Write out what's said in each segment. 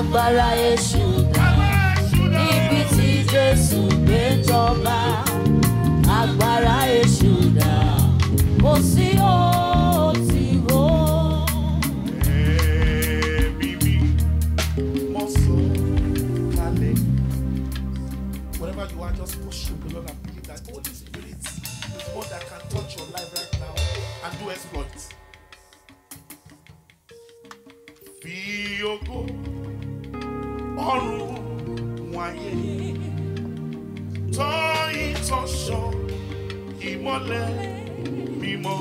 agbára èṣù níbi tí Jésù gbé jọba agbára èṣù dà kò sí òtí wo. Whatever you are, just worship the and believe that Holy Spirit is one that can touch your life right now and do exploits. Be your goal ọ̀run wáyé tọ́ ìtọ́sọ ìmọ́lẹ̀ mímọ́.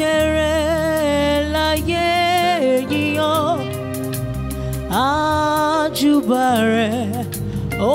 ṣeré láyé ènìyàn àjùbà rẹ̀ ó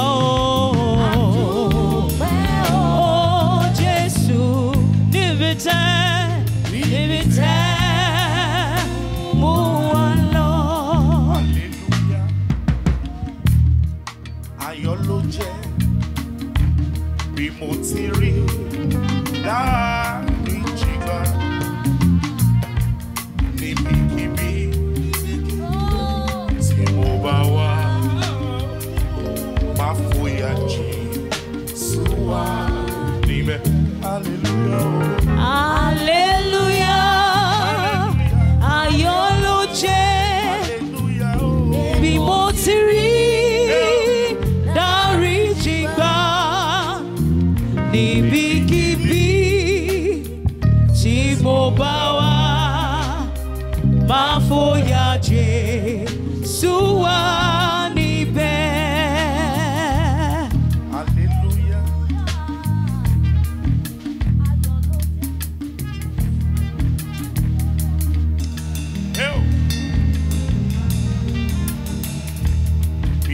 Oh. mafoyaje suwanibe. Hallelujah. Hey.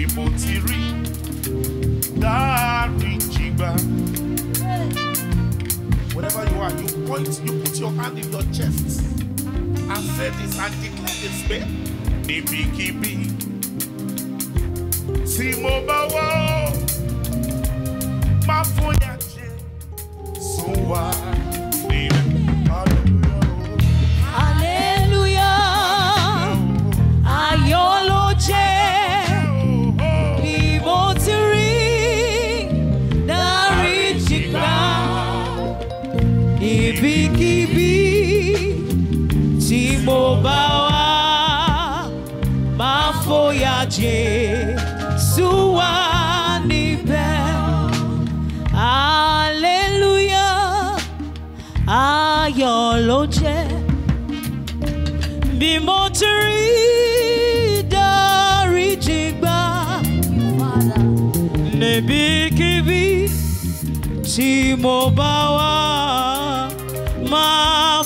Ibo ti rí dárí jìgbà. Whenever you are, you point, you put your hand in your chest. I said this, I declare this, man. Níbi kíbi tí mo bá wọ́, má fòyà jẹ, sùn tí mo bá wá máa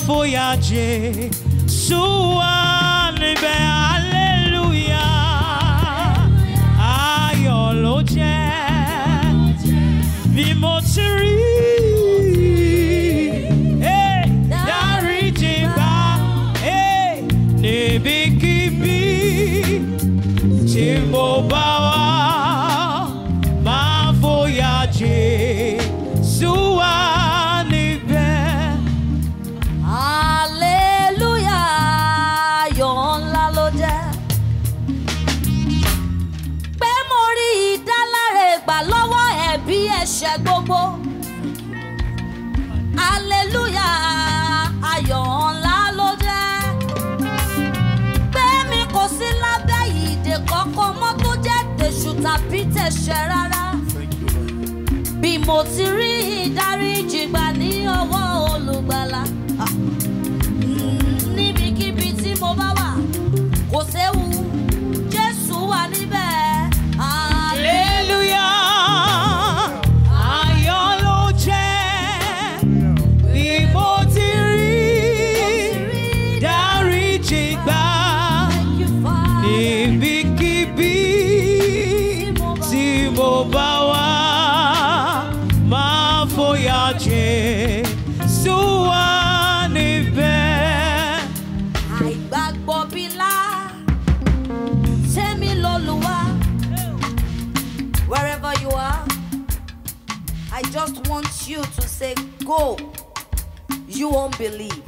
believe.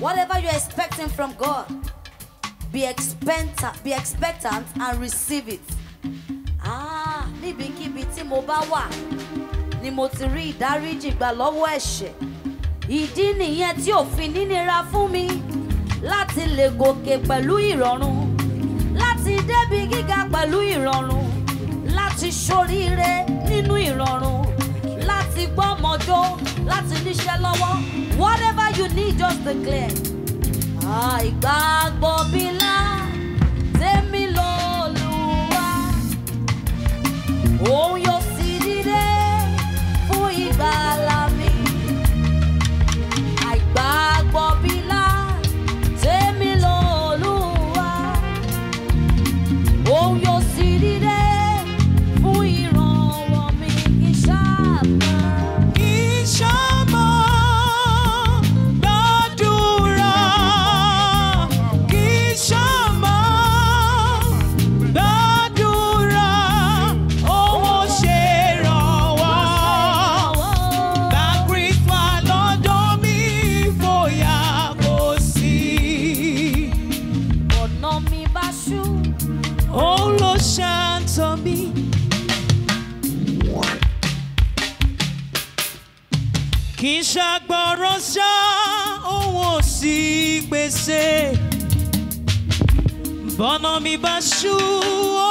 Whatever you're expecting from God, be expectant, be expectant and receive it. Ah, ni biki mo bá ni motiri ti rí ìdáríjì gbà lọ́wọ́ ẹ̀ṣẹ̀. Ìdí nìyẹn tí ò fi nínira láti lè gòkè pẹ̀lú ìrọ̀rùn, láti débi gíga pẹ̀lú ìrọ̀rùn, láti ṣoríire nínú ìrọ̀rùn láti gbọ́ mọ́jọ́ láti níṣẹ́ lọ́wọ́ whatever you need just declare. àìgbàgbọ́ ah, mi lá tèmi lọ́lùwà òun yóò. ṣe bọ́nà mi bá ṣú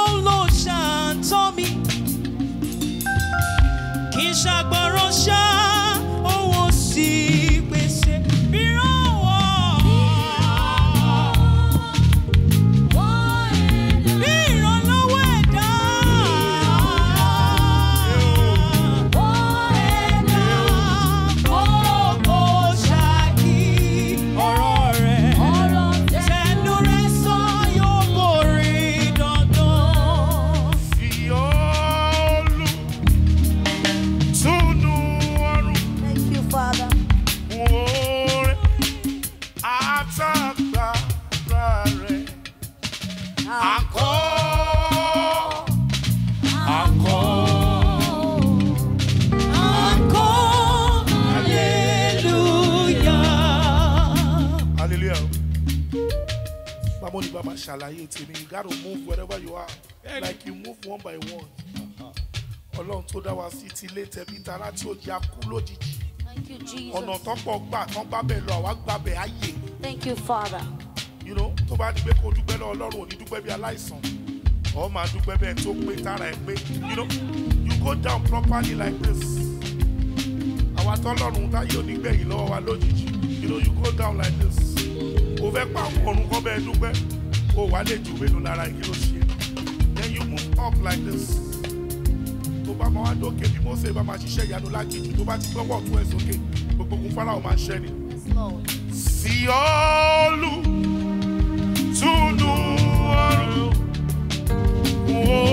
ó lò ṣàǹtọ́ mi kì ṣàlàyé tèmi you gotta move wherever you are like you move one by one ọlọ́run tó dá wa sí ti ilé tẹ̀mí tara tí ó jà kú lójijì ọ̀nà tọ́pọ̀ gbà tán bá bẹ̀ lọ àwa gbà bẹ̀ ayé. thank you father. you know tó bá di pé kó dúpẹ́ lọ ọlọ́run ò ní dúpẹ́ bí aláìsàn ọ̀ máa dúpẹ́ bẹ́ẹ̀ tó pé tára ẹ̀ pé you know you go down properly like this àwa tọ́lọ́run táyé onígbẹ̀yìn lọ́wọ́ wa lójijì you know you go down like this o fẹ́ pa àwọn ọ̀run kọ́ bẹ́ẹ̀ dúpẹ́ o wà lè jù mélòó lára kí ló ṣe then you move up like this tó bá máa wá lókè bí mo ṣe bá máa ṣiṣẹ́ ìyanu láti jù tó bá ti gbọ́wọ́ tó ẹ̀ sókè gbogbo ogun fara ọ̀ máa ṣẹ́ ni. sí olú túnú ọrùn wò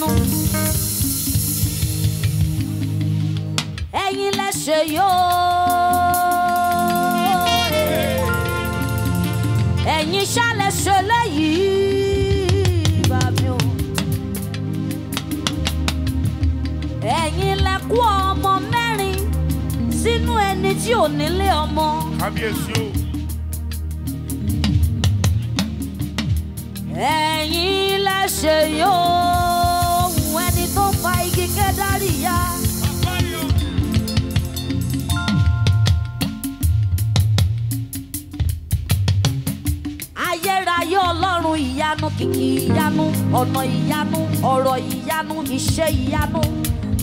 lẹ́nu. ẹ̀yin lẹ ṣe yóò. ẹ̀yin ṣálẹ̀ ṣe léyìí bá mi kú ọmọ mẹ́rin sínú ẹni tí ò nílé ọmọ. kábíyèsí o. òkìkí ìyanu ọ̀nà ìyanu ọ̀rọ̀ ìyanu iṣẹ́ ìyanu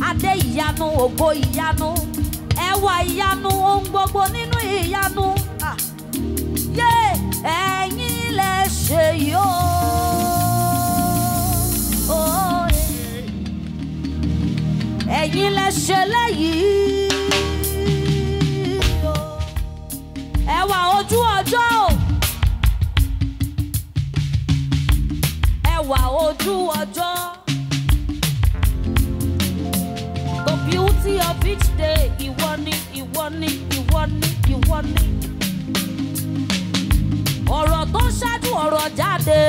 adé ìyanu ògo ìyanu ẹwà ìyanu ohun gbogbo nínú ìyanu ah, yé ẹ̀yin lè ṣe yóò. ẹ̀yin lè ṣe léyìí ẹwà ojú ojú ọjọ́. The beauty of each day ìwọ ni ìwọ ni ìwọ ni ìwọ ni. Ọ̀rọ̀ tó ń ṣáájú ọ̀rọ̀ jáde.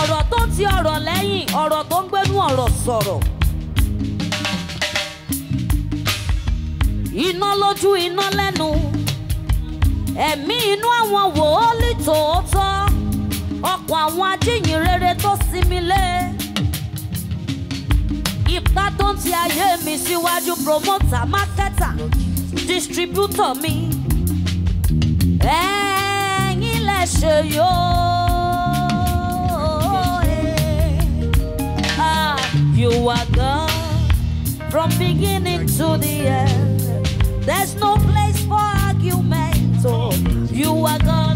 Ọ̀rọ̀ tó ń ti ọ̀rọ̀ lẹ́yìn. Ọ̀rọ̀ tó ń gbénú ọ̀rọ̀ sọ̀rọ̀. Iná lójú iná lẹ́nu ẹ̀mí inú àwọn wòólì tó ọkọ̀ àwọn ajíhìnrere tó sinmi lé ipa tó ń ti ayé mi síwájú promoter marketer distributor mi ẹ̀yin lè ṣe yóò. Ah, you are gone from beginning to the end. There's no place for argument. Oh, you are gone.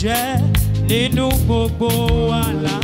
jẹ́ nínú gbogbo àlá.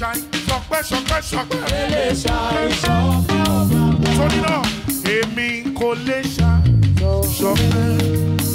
ṣàì sọpẹ́ sọpẹ́ sọpẹ́. Èlé ṣàì sọpẹ́ ọ̀gá. Torí náà, èmi kò lè ṣàì sọpẹ́.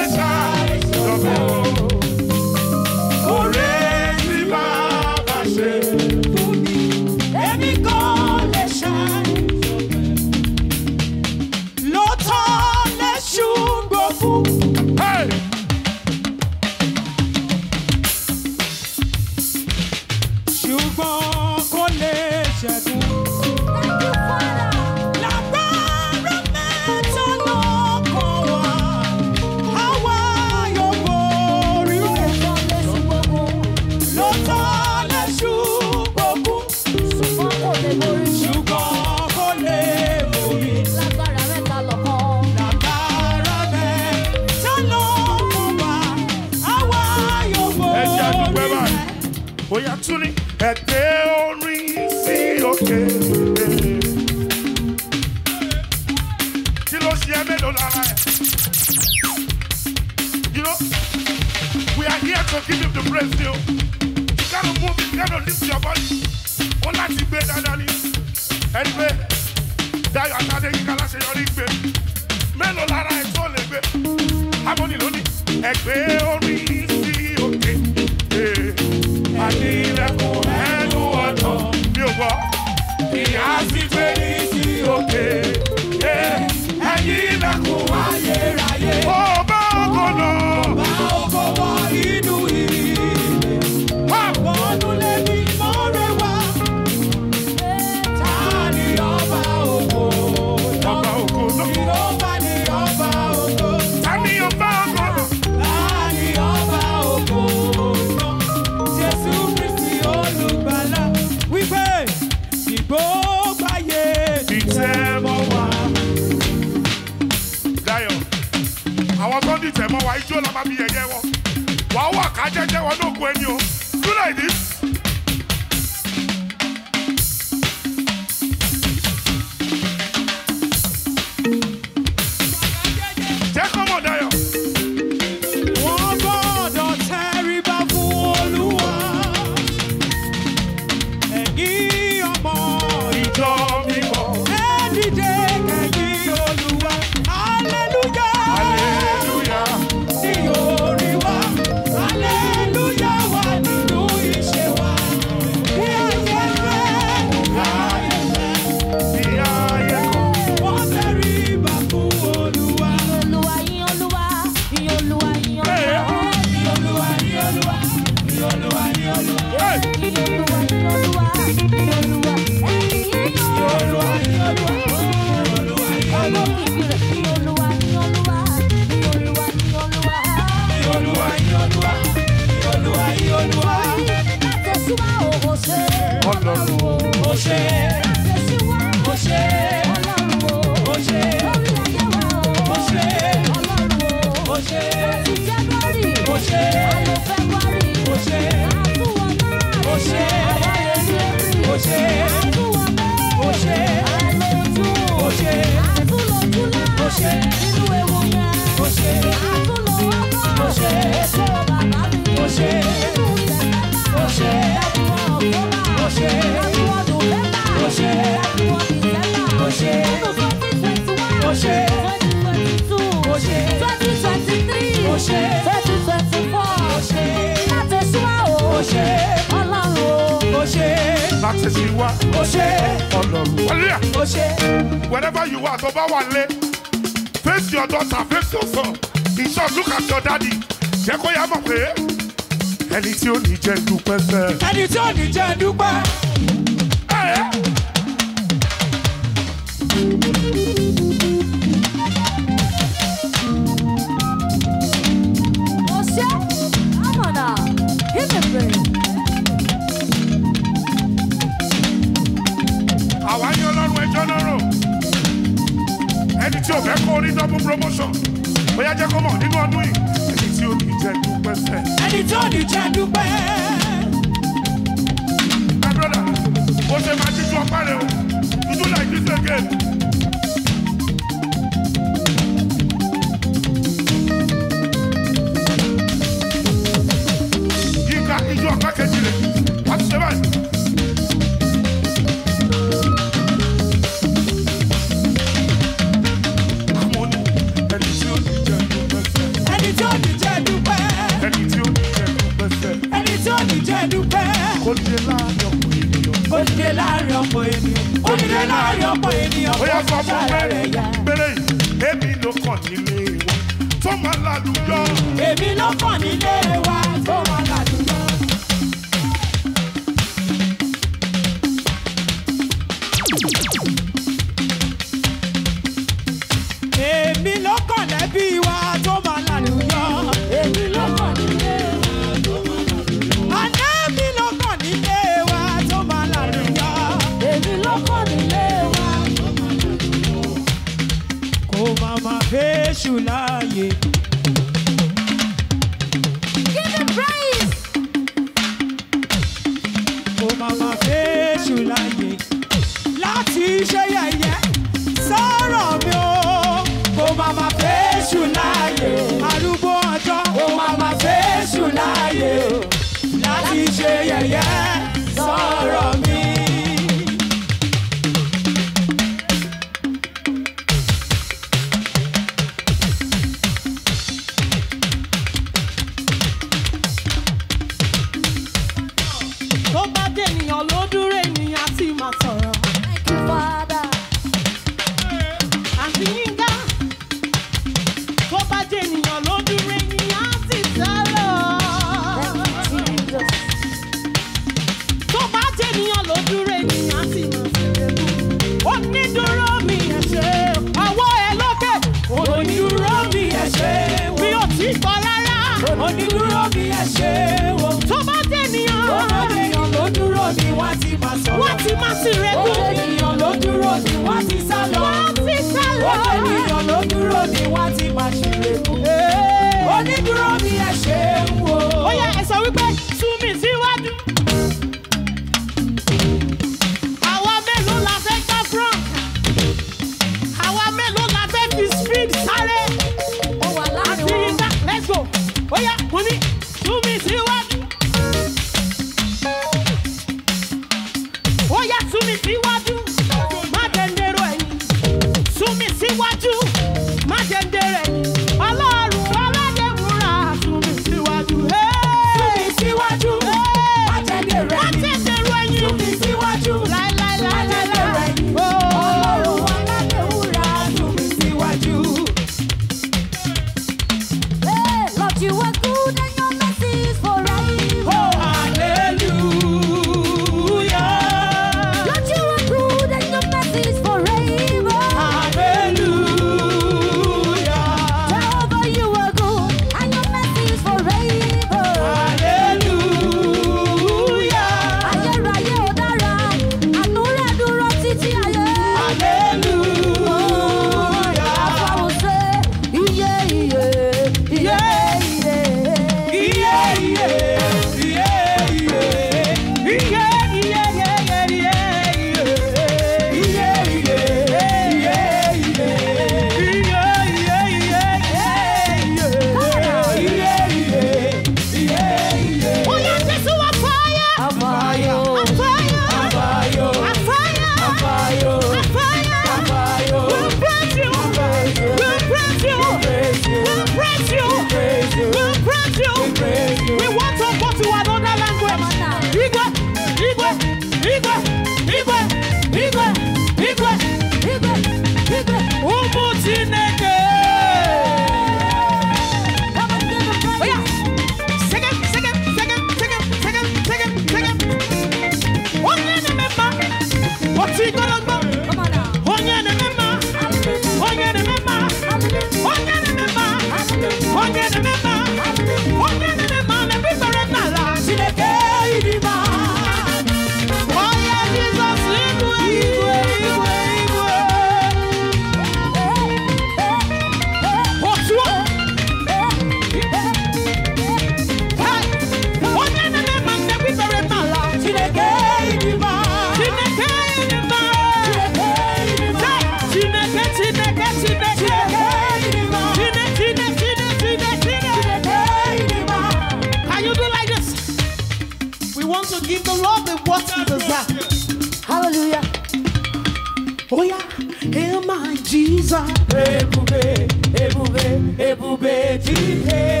Jesus ebube ebube ebube de ihe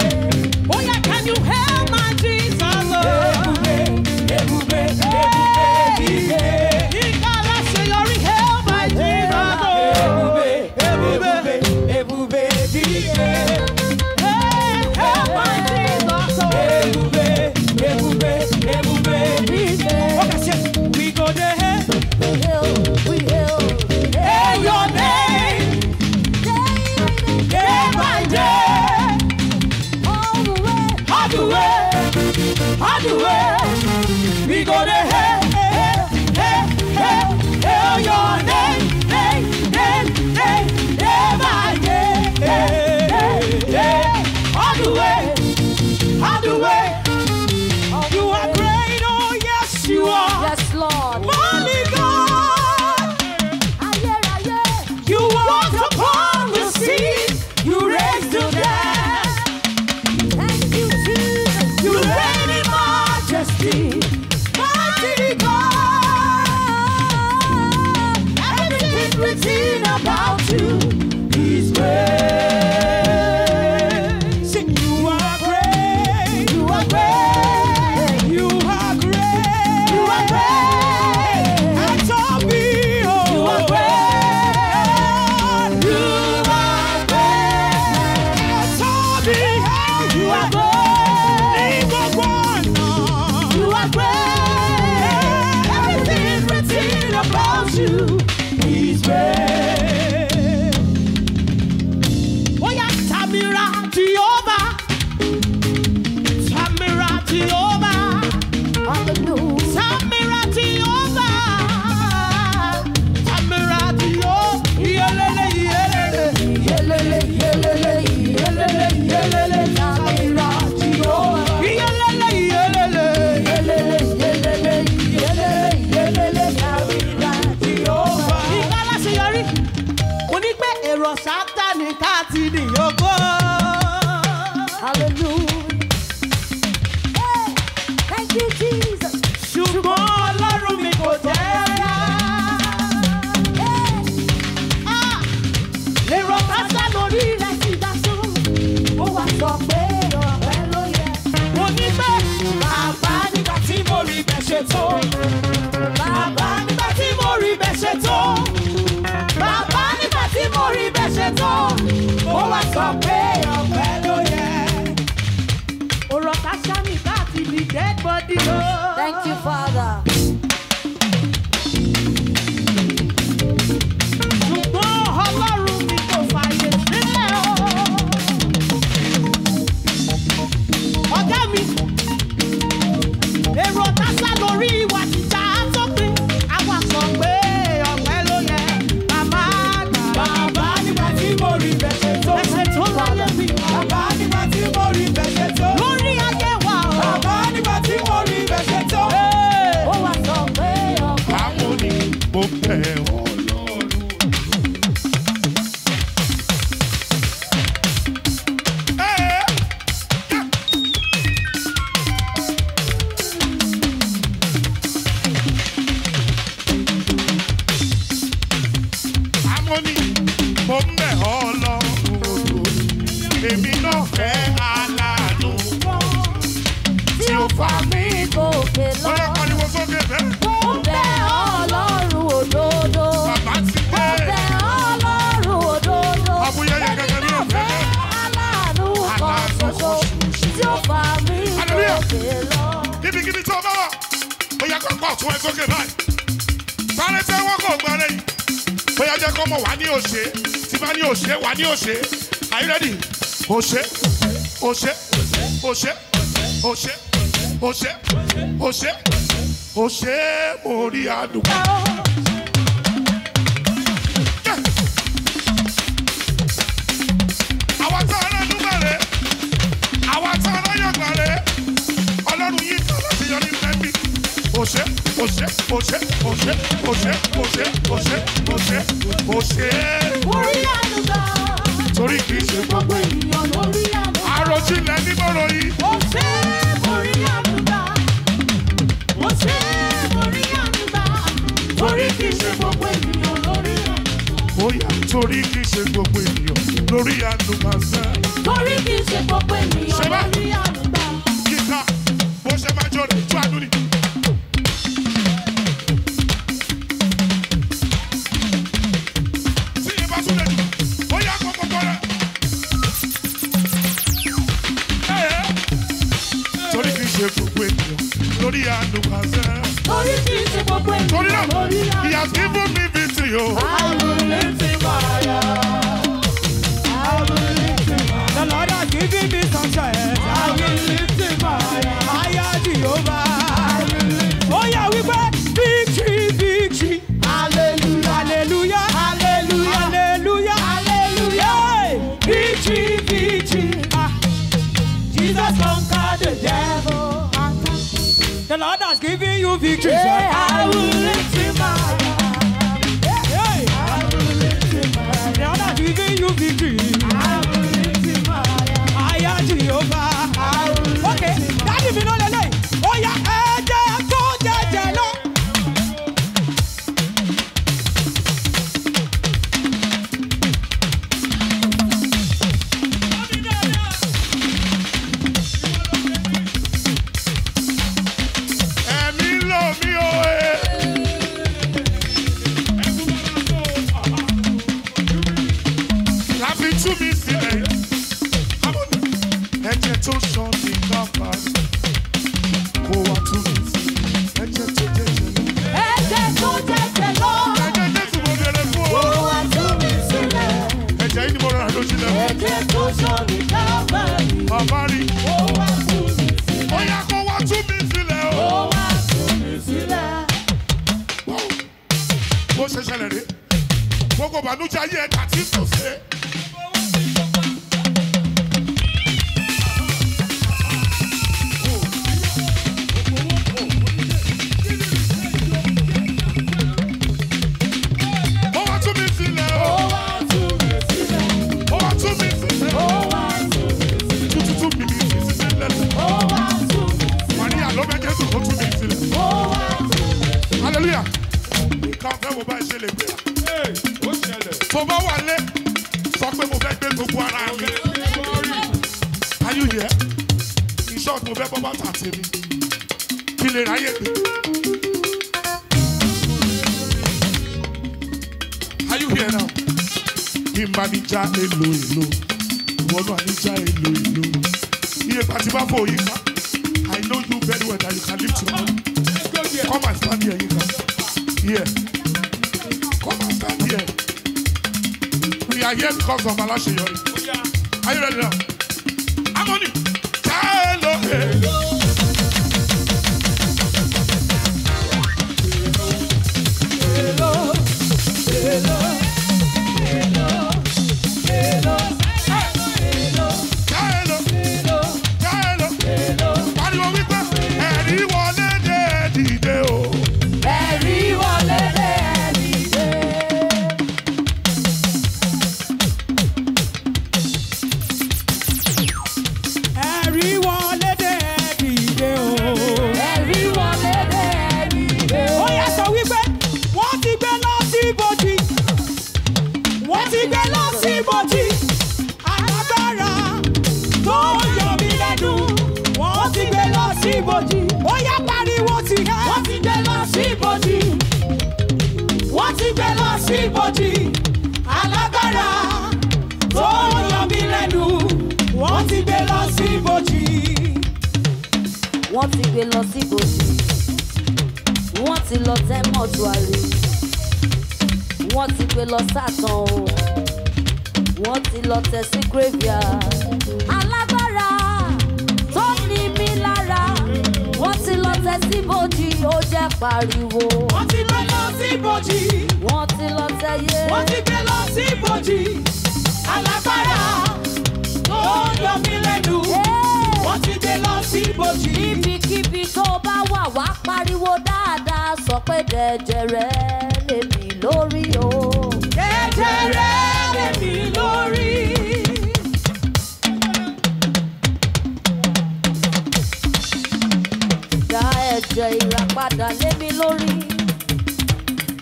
ẹ̀jẹ̀ ìràpadà lé mi lórí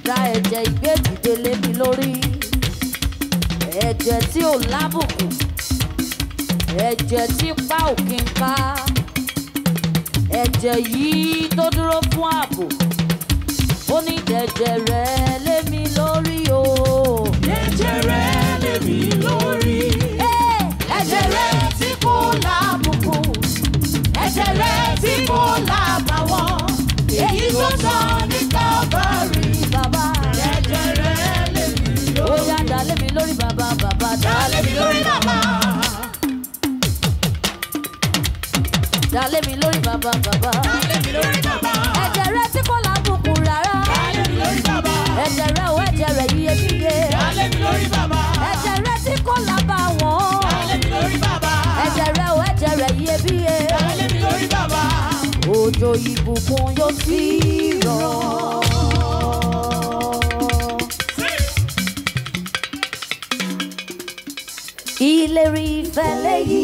ra ẹ̀jẹ̀ ìgbédìde lé mi lórí ẹ̀jẹ̀ tí ò lábùkù ẹ̀jẹ̀ tí pa ò kí n ká ẹ̀jẹ̀ yìí tó dúró fún ààbò ó ní ẹ̀jẹ̀ rẹ lé mi lórí o. ẹ̀jẹ̀ rẹ lé mi lórí. ẹ̀jẹ̀ rẹ tí kò lábùkù ẹ̀jẹ̀ rẹ mú làbàwọ́n èyí tó sọ ní Calvary bàbá ẹ̀jẹ̀ rẹ̀ lé mi lórí. mi lórí baba, baba. dálé mi lórí baba, dálé mi lórí baba. bàbá. dálé mi lórí bàbá. ẹ̀jẹ̀ rẹ̀ tí kò lábùkù rárá. dálé mi lórí baba. ẹ̀jẹ̀ rẹ̀ ò ẹ̀jẹ̀ rẹ̀ yíyẹ yíyẹ. dálé mi lórí bàbá. ẹ̀jẹ̀ rẹ̀ tí kò lábùkù. òjò ìbùkún yóò sì rọ̀. ìlérí ìfẹ́ lèyí.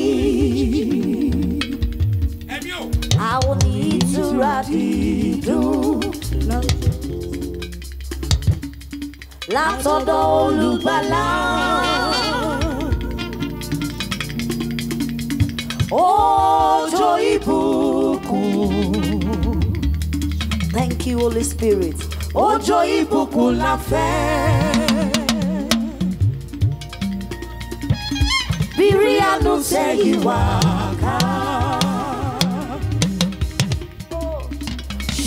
àwọn ní ìtura dídùn. látọ̀dọ̀ olùgbàlà. òjò ìbùkún. you, Holy Spirit. Òjò ìbùkún la fe, Bírí àánú tẹ̀yìn wá ká.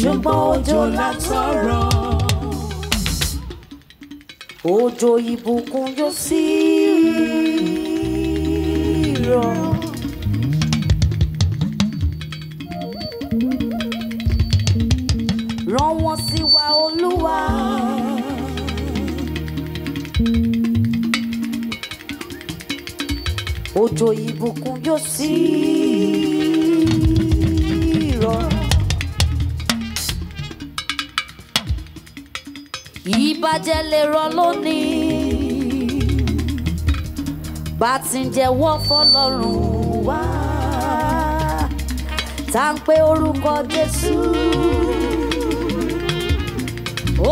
Ṣùgbọ́n òjò la tọrọ. Òjò ìbùkún yóò sí òjò ìbùkún yóò sí rọ̀. ìbàjẹ́ lè rọ̀ lónìí bá ti ń jẹ́wọ́ fọlọ́run wá tá ń pe orúkọ Jésù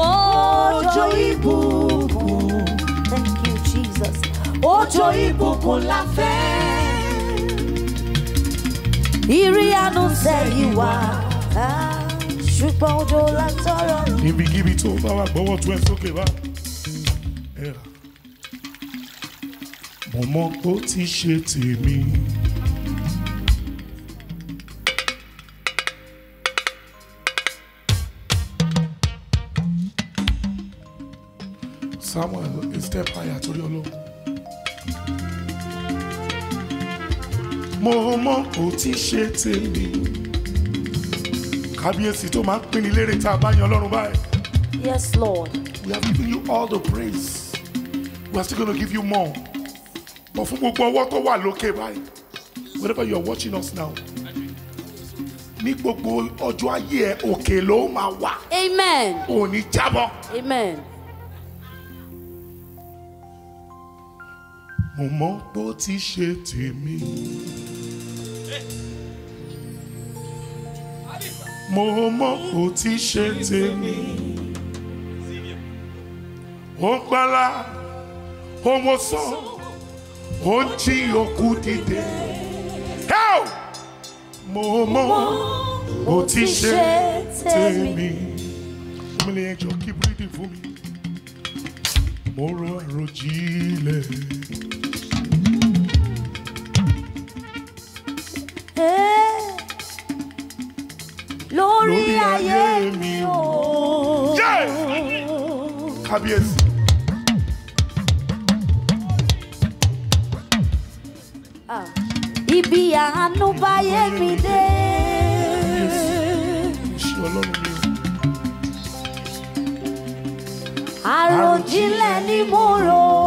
òjò ìbùkún. Thank you Jesus. Òjò ìbùkún la fẹ́ ìrí àánú sẹ́yìn wá ṣùgbọ́n òjò látọ̀rọ̀. ibikíbi tó bá wà gbọ́wọ́ tó ẹ sókè bá mo mọ bó ti ṣe tèmi. Samuel, step higher torí Ọlọ́run. mo mọ̀ kò ti ṣe tèmi kábíyèsí tó máa ń pín ní lérè tá a bá yan ọlọ́run báyìí. yes lord. we have given you all the praise we are still gonna give you more but fún gbogbo ọwọ́ tó wà lókè báyìí wherever you are watching us now ní gbogbo ọjọ́ ayé ẹ òkè ló máa wà. amen. ò ní amen. mo mọ̀ bó ti ṣe tèmi mo mọ kò ti ṣe tèmi ó ń ó ń wòsàn ó ń jí òkú dìde mo mọ kò ti ṣe tèmi mo lè ẹjọ́ kí bírídì fún mi mo rọ àròjìnlẹ̀. Eh. lórí ayé mi o. kábíyèsí. Ah. ibi àánú báyé mi dé. àròjinlẹ̀ ni mo rò ó.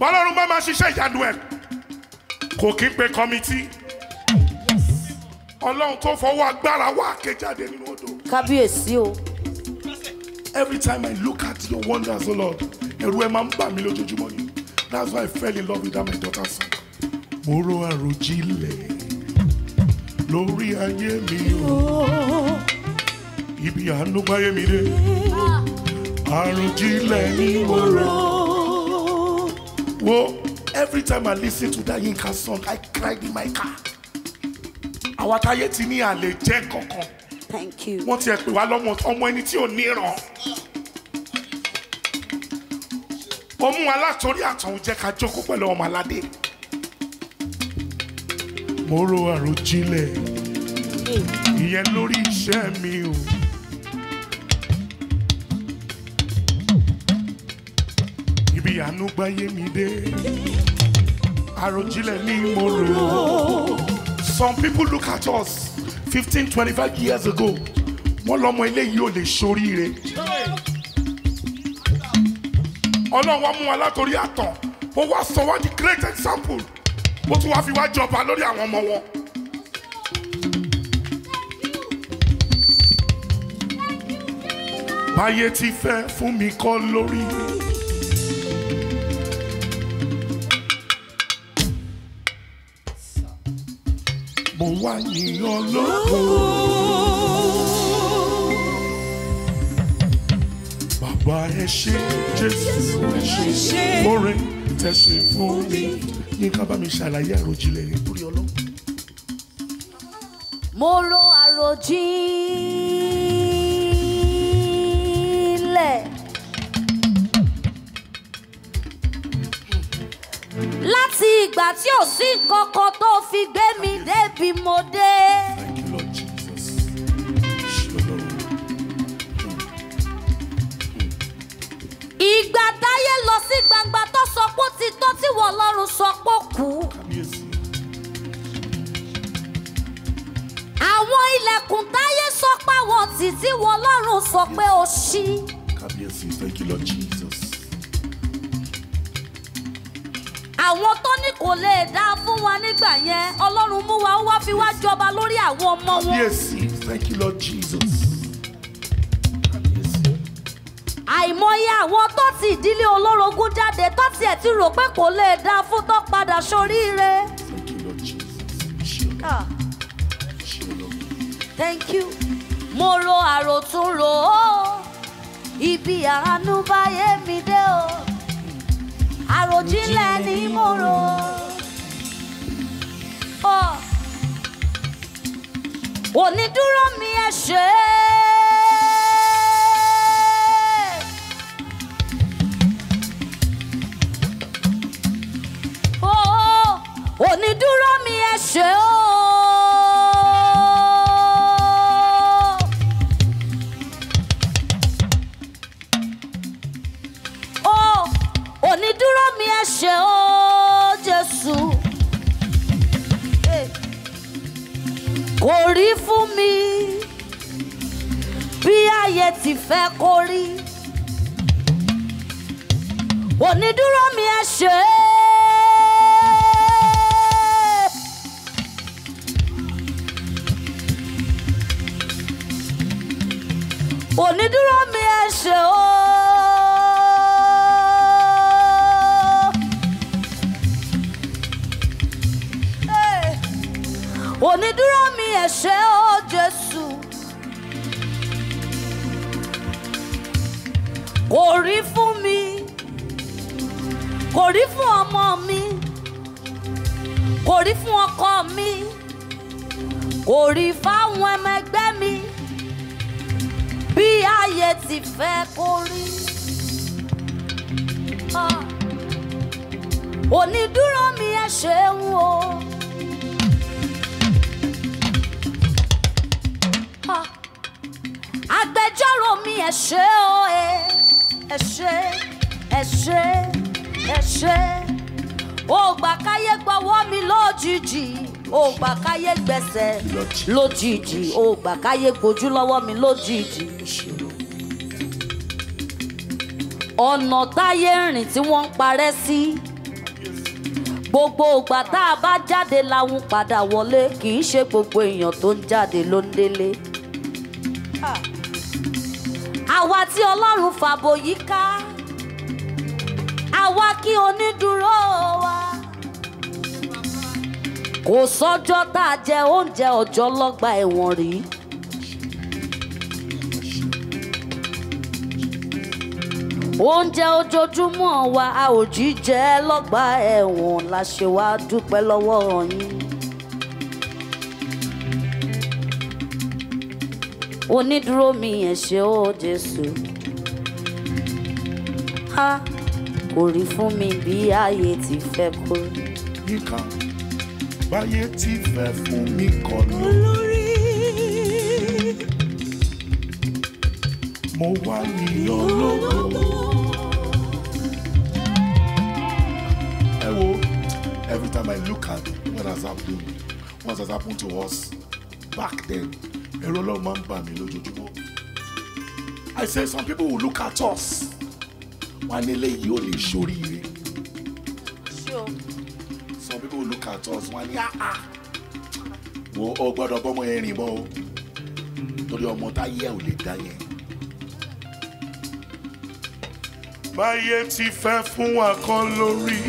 bọ́lọ́run bá máa ṣiṣẹ́ ìyanu ẹ̀ kò kí ń pe kọ́mítì ọlọ́run tó fọwọ́ agbára wá àkéjáde nínú odò. kábíyèsí o. every time i look at your wonders o lord ẹ̀rù ẹ̀ máa ń bà mí lójoojúmọ́ ni that's why i fell in love with that my daughter son. mo ro àròjinlẹ̀ lórí ayé mi o ibi àánú báyé mi dé àròjinlẹ̀ ni mo rò. Whoa! every time I listen to that Inca song I cried in my car àwa táyé ti ní àlè jẹ́ kankan thank you wọ́n ti ẹ̀ pè wá lọ́mọ ọmọ ẹni tí ò níran òun alátorí àtọ̀hún jẹ́ ká jókòó pẹ̀lú ọmọ aládé mo ro àròjinlẹ̀ ìyẹn lórí iṣẹ́ mi o. ibi àánú mi dé àròjinlẹ̀ ni mo rò some people look at us fifteen twenty five years ago wọ́n lọ́mọ eléyìí ò lè ṣoríire ọlọ́run wa mú wa látòrí àtàn ó wá sọ wá di great example ó tún wá fi wá jọba lórí àwọn ọmọ wọn. báyé ti fẹ́ fún mi kọ́ lórí. wá yìn Ológo. Bàbá ẹ ṣé Jésù ẹ ṣé orin tẹ̀sí fún mi ní ká bá mi ṣàlàyé àròjinlẹ̀ yẹn Ọlọ́run. Mo ro àròjinlẹ̀. láti ìgbà tí ò sí kankan tó fi gbé mi débi mo dé. ìgbà táyé lọ sí gbangba tó sọ pé ó ti tó tí wọ́n lọ́rùn sọ pé ó kú. àwọn ilẹ̀kùn táyé sọ pé àwọn títí wọ́n lọ́rùn sọ pé ó ṣí. thank you Lord Jesus. àwọn tó ní kò lè dá fún wa nígbà yẹn ọlọ́run mú wa ó wá fi wá jọba lórí àwọn ọmọ wọn. thank you lord jesus. àìmọye àwọn tó ti ìdílé olórogún jáde tó tiẹ̀ ti rò pé kò lè dá fún tó padà soríire. thank you lord jesus. Ah. thank you. mo ro àròtún ro ó ibi àánú bá mi dé o òjìnlẹ̀ ní mòrò. onídúró mi ẹ ṣe é. onídúró mi ẹ ṣé o. kò rí fún mi bí ayé ti fẹ́ kó rí onídúró mi ẹ ṣe é. onídúró mi ẹ ṣe o. onídúró mi ẹ̀ṣẹ̀ o Jésù. Kò rí fún mi, kò rí fún ọmọ mi, kò rí fún ọkọ mi, kò rí fáwọn ẹmẹgbẹ́ mi bí ayé ti fẹ́ kó rí. Ah. Onídúró mi ẹ ṣeun o. agbẹjọ́rò mi ẹ ṣé o ẹ ṣé ẹ ṣé ẹ ṣé ó gbà káyé gbọ́wọ́ mi lójijì ó gbà káyé gbẹ̀sẹ̀ lójijì ó gbà káyé gbojú lọ́wọ́ mi lójijì. ọ̀nà táyé rìn tí wọ́n ń parẹ́ sí gbogbo ìgbà tá a bá jáde làwọn padà wọlé kì í ṣe gbogbo èèyàn tó ń jáde ló ń délé àwa tí ọlọ́run fàbò yí ká àwa kí onídùúró wa kò sọ́jọ́ tá a jẹ oúnjẹ ọjọ́ lọ́gbà ẹ̀wọ̀n rí. oúnjẹ ojoojúmọ́ wa a ò jí jẹ lọ́gbà ẹ̀wọ̀n la ṣe wá dúpẹ́ lọ́wọ́ yín. onídúró mi ẹ ṣé o Jésù ha kò rí fún mi bí ayé ti fẹ́ kó. yíká báyé ti fẹ́ fún mi kọ́ ló. olórí. mo wá nílò lóko. ẹ wo every time I look at what has happened what has happened to us back then ẹ̀rọ ọlọ́run máa ń bà mí lójoojúmọ́ I say some people will look at us wọ́n á nílé yìí ó lè ṣoríire some people will look at us wọ́n á ní àá wo ọ gbọ́dọ̀ bọ́mọ yẹn rìn mọ́ o torí ọmọ táyé ò lè dá yẹn. báyé ti fẹ́ fún wa kọ́ lórí.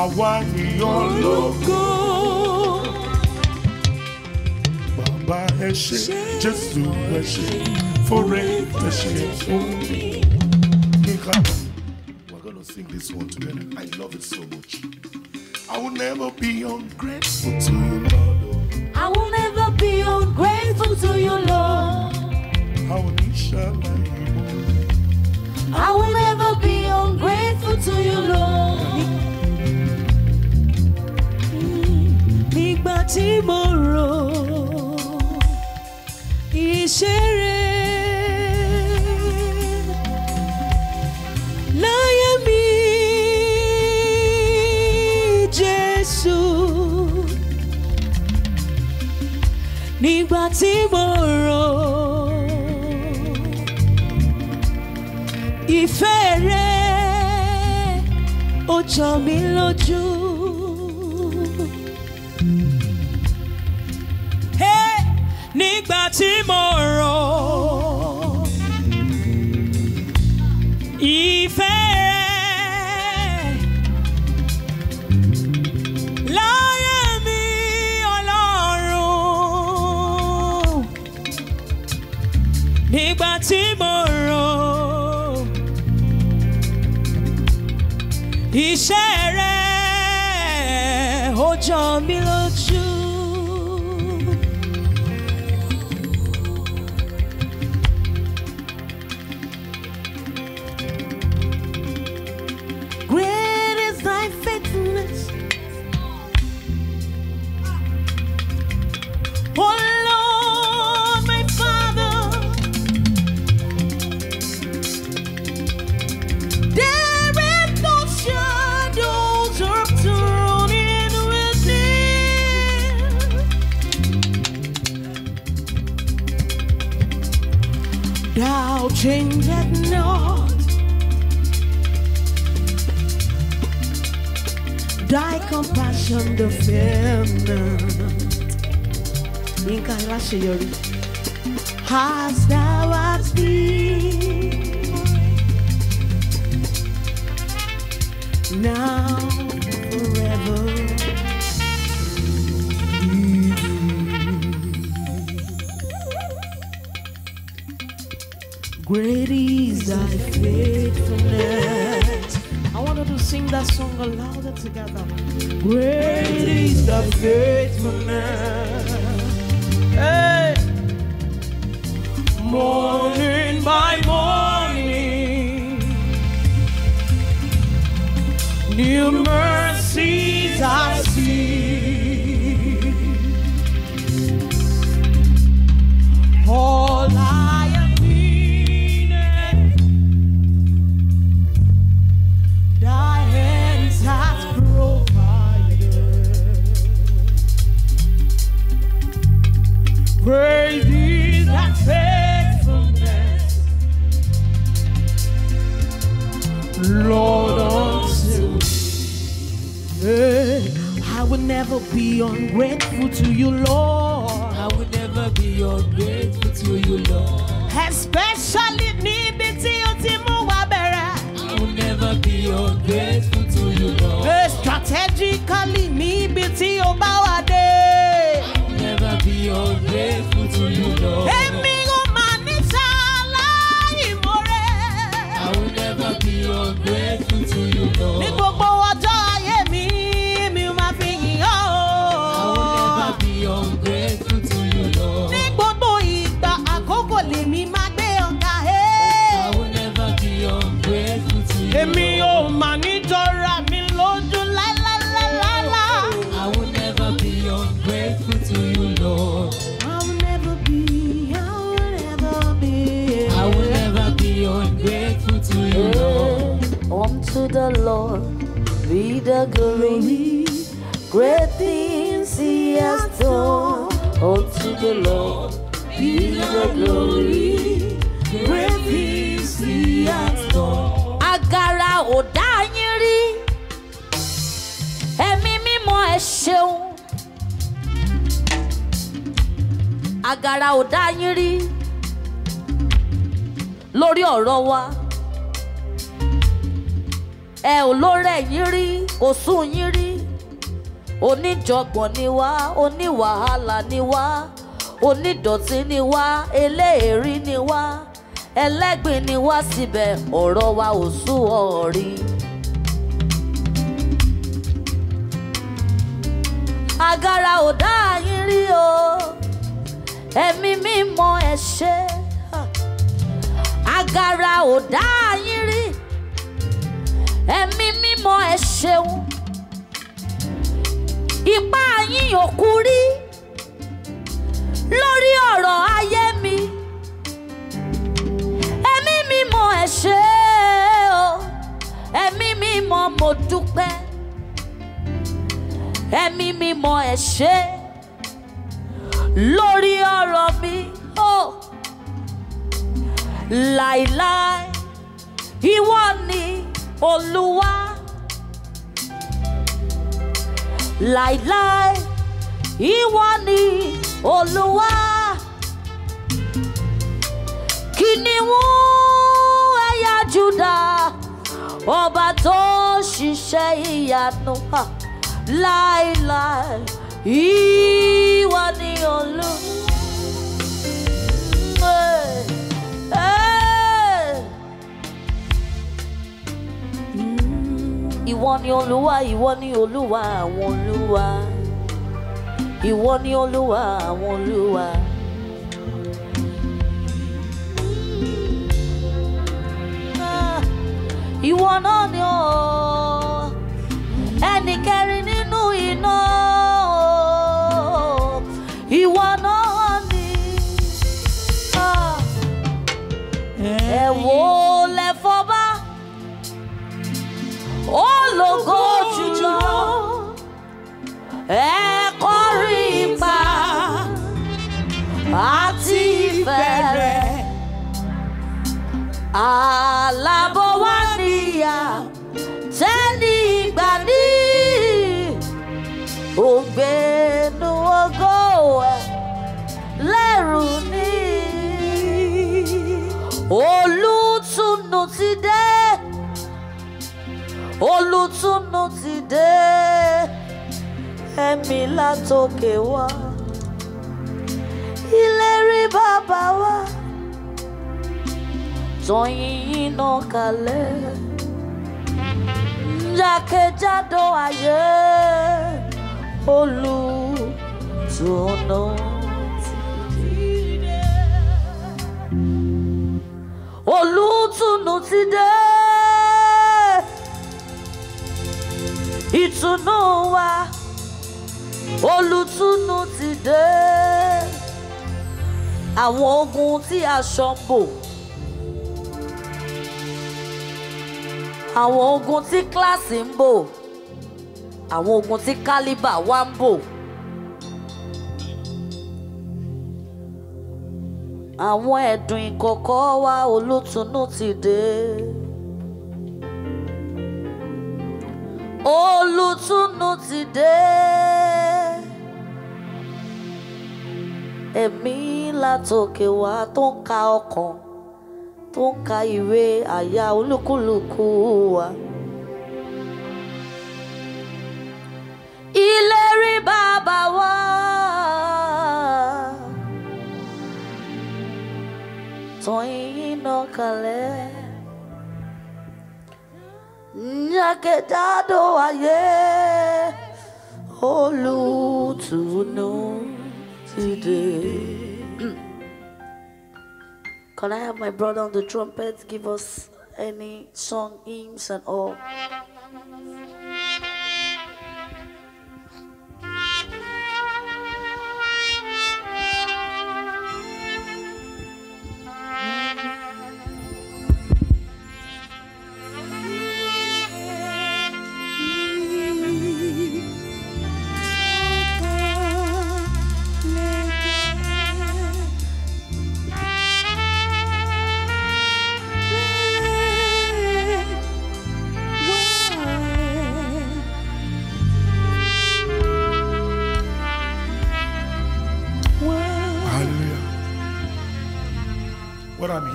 àwa nìyàn lógo. by a ship, just to a ship, for rain the ship only. We're gonna sing this one together. I love it so much. I will never be ungrateful to you, Lord. I will never be ungrateful to you, Lord. I will inshallah. I will never be ungrateful to you, Lord. Big tí mo rò ṣeré. Láyé mi Jésù nígbà tí mo rò ìfẹ́ rẹ̀ ó jọ mí lójú. Tomorrow, ife, rẹ̀ láyé mi ọlọ́run nígbà tí mo rò iṣẹ́ rẹ̀ ó jọ mí lójú. change at naught. Thy compassion defendant. In Kalashiyori, has thou asked been? Now thy faithfulness. I wanted to sing that song louder together. Great is thy faithfulness. Hey. Morning by morning, new mercies I see. Oh. ungrateful to you, Lord. I will never be ungrateful to you, Lord. Especially the glory. Great things he has done. Unto the Lord be the glory. Great things he has done. Agara ò dá yín rí. Ẹ̀mí mímọ́ ẹ Agara ò dá yín rí. Lórí ọ̀rọ̀ wa. Ẹ ò lórẹ̀ yín rí kò sùn yín rí oníjọ̀gbọ̀n ni wá oníwàhálà ni wá onídọ̀tí ni wá eléèrí ni wá ẹlẹ́gbin ni wá síbẹ̀ ọ̀rọ̀ wa ò sú ọ agara ò dá yín rí o ẹ̀mí mímọ́ ẹ ṣé agara ò dá yín rí ẹ̀mí mímọ́ ẹ ṣeun ipá yín ò kú rí lórí ọ̀rọ̀ ayé mi ẹ̀mí mímọ́ ẹ ṣe o ẹ̀mí mímọ́ mo dúpẹ́ ẹ̀mí mímọ́ ẹ ṣe lórí ọ̀rọ̀ mi o láìláì ìwọ ni olúwa. láìláì ìwọ ni olúwa kìnìún ẹ̀yà Júdà ọba tó ṣiṣẹ́ ìyanu láìláì ìwọ ni olúwa. ìwọ ni olúwa ìwọ ni olúwa àwọn olúwa ìwọ ni olúwa àwọn olúwa. ìwọ náà ni o ẹnì kẹrin nínú iná ìwọ náà ni ah. ẹ wò ó. lógo jùlọ ẹ kọrí ipa àti ìfẹ́ rẹ̀ àlàbọ̀ wá níyà sẹ́ni ìgbà olùtúnú ti dé ẹ̀mí látòkè wá ìlérí bàbá wa tọyìn yìnà kalẹ̀ jákèjádò ayé olùtúnú ti dé olùtúnú ti dé. ìtùnú wa olùtùnú ti dé àwọn ogun tí a ń bò àwọn ogun tí kíláàsì ń bò àwọn ogun tí kálíbà wá ń bò. àwọn ẹ̀dùn ìkọ̀kọ̀ wa olótùnú ti dé. olùtúnú ti dé ẹ̀mí látòkè wá tó ń ka ọkàn tó ń ka ìwé àyà olúkúlùkù wa. ìlérí bàbá wa. Sonho no calé nyakedado aye today. Can I have my brother on the trumpet give us any song, hymns, and all?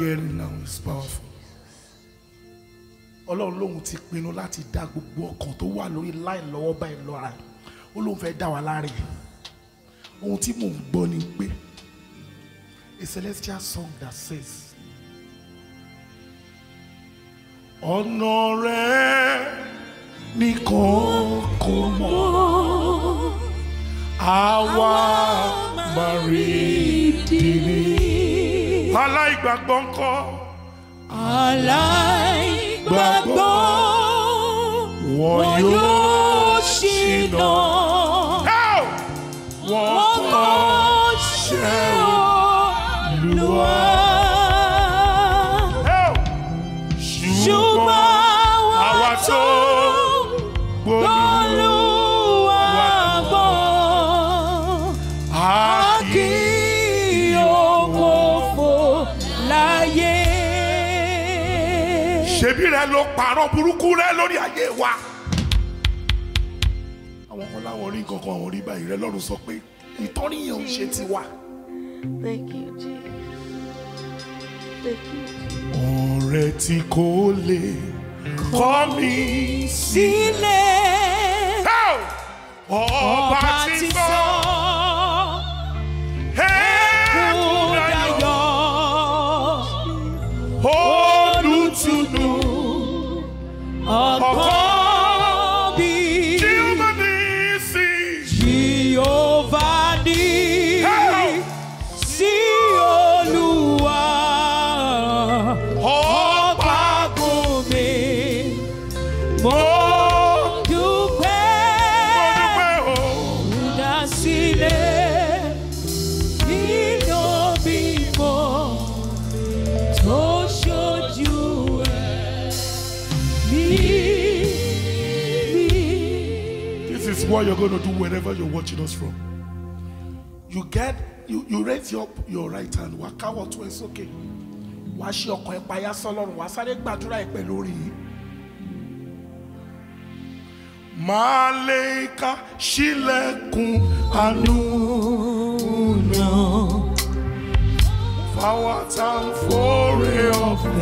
hearing now is powerful. ọlọ́run lòun ti pinnu láti dá gbogbo ọkàn tó wà lórí láì lọ́wọ́ báyìí lọ́ra rẹ̀ ó lóun fẹ́ dá wa láre ohun tí mò ń gbọ́ ni pé a celestial song that says ọ̀nà rẹ̀ nìkan kò mọ̀ àwa máa rí dìní. aláìgbàgbọ́ ń kọ́. aláìgbàgbọ́ wọn yóò ṣìnà wọn kò ṣe Olúwa. ṣèbí rẹ ló pààrọ̀ burúkú rẹ lórí ayé wa. àwọn kan láwọn orí kankan àwọn orí báyìí rẹ lọ́rùn sọ pé ìtọ́ni yẹn ò ṣe tiwa. Thank ọ̀rẹ́ tí kò lè kọ̀ mí sílẹ̀ ọba tí sọ. going to do wherever you're watching us from. You get, you, you raise your, your right hand. Wà káwọ́ tó ẹ sókè. Wà á ṣe ọkàn Wà á Màlẹ́kà ṣílẹ̀kùn àánú náà. Fáwọn tá à ń fòrè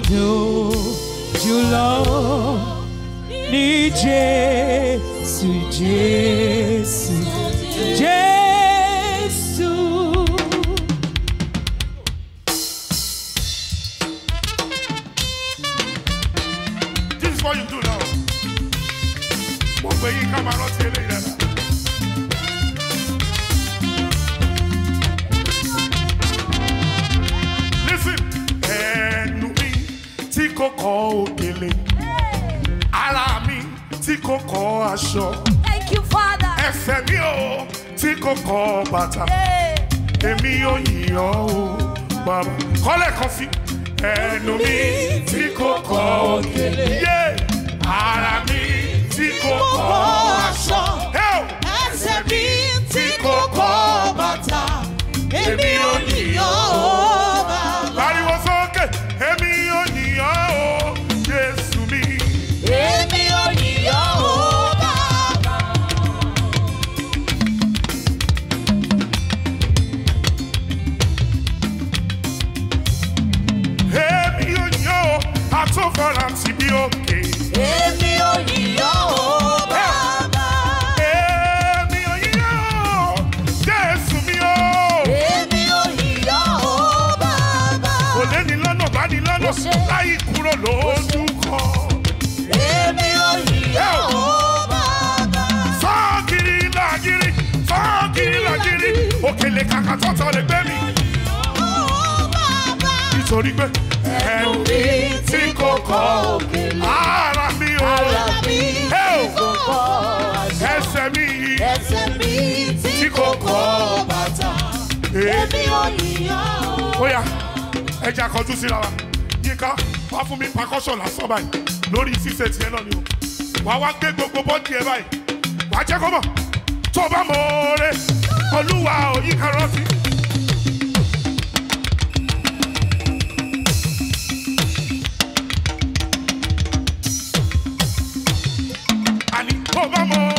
do you love me, Jesus? kò aṣọ. Thank you, Father. Ẹsẹ̀ mi ò tí kò kọ́ bàtà. Èmi yóò yìn o, bàbá. Kọ́lẹ̀ kan fi ẹnu mi tí kò kọ́ òkèlè. Ara mi tí kò kọ́ aṣọ. Ẹsẹ̀ mi tí kò kọ́ bàtà. Èmi yóò yìn. nítorí pé. ẹnu mi tí kò òkèlè. ara mi ò. ara mi ti kò kọ ẹsẹ̀ mi. ẹsẹ̀ mi ti kò kọ bàtà. èmi ò níyàwó. ó yá ẹja kọjú síra wa yíká wá fún mi pakọ́ṣọ̀ lásán báyìí lórí ṣíṣe tiẹ̀ náà ni o wàá wá gbé gbogbo bọ́ọ̀dì ẹ báyìí wàá jẹ́ kó tó bá mọ̀ ọ́ rẹ̀ olúwa òyìnká rántí. Pogamos.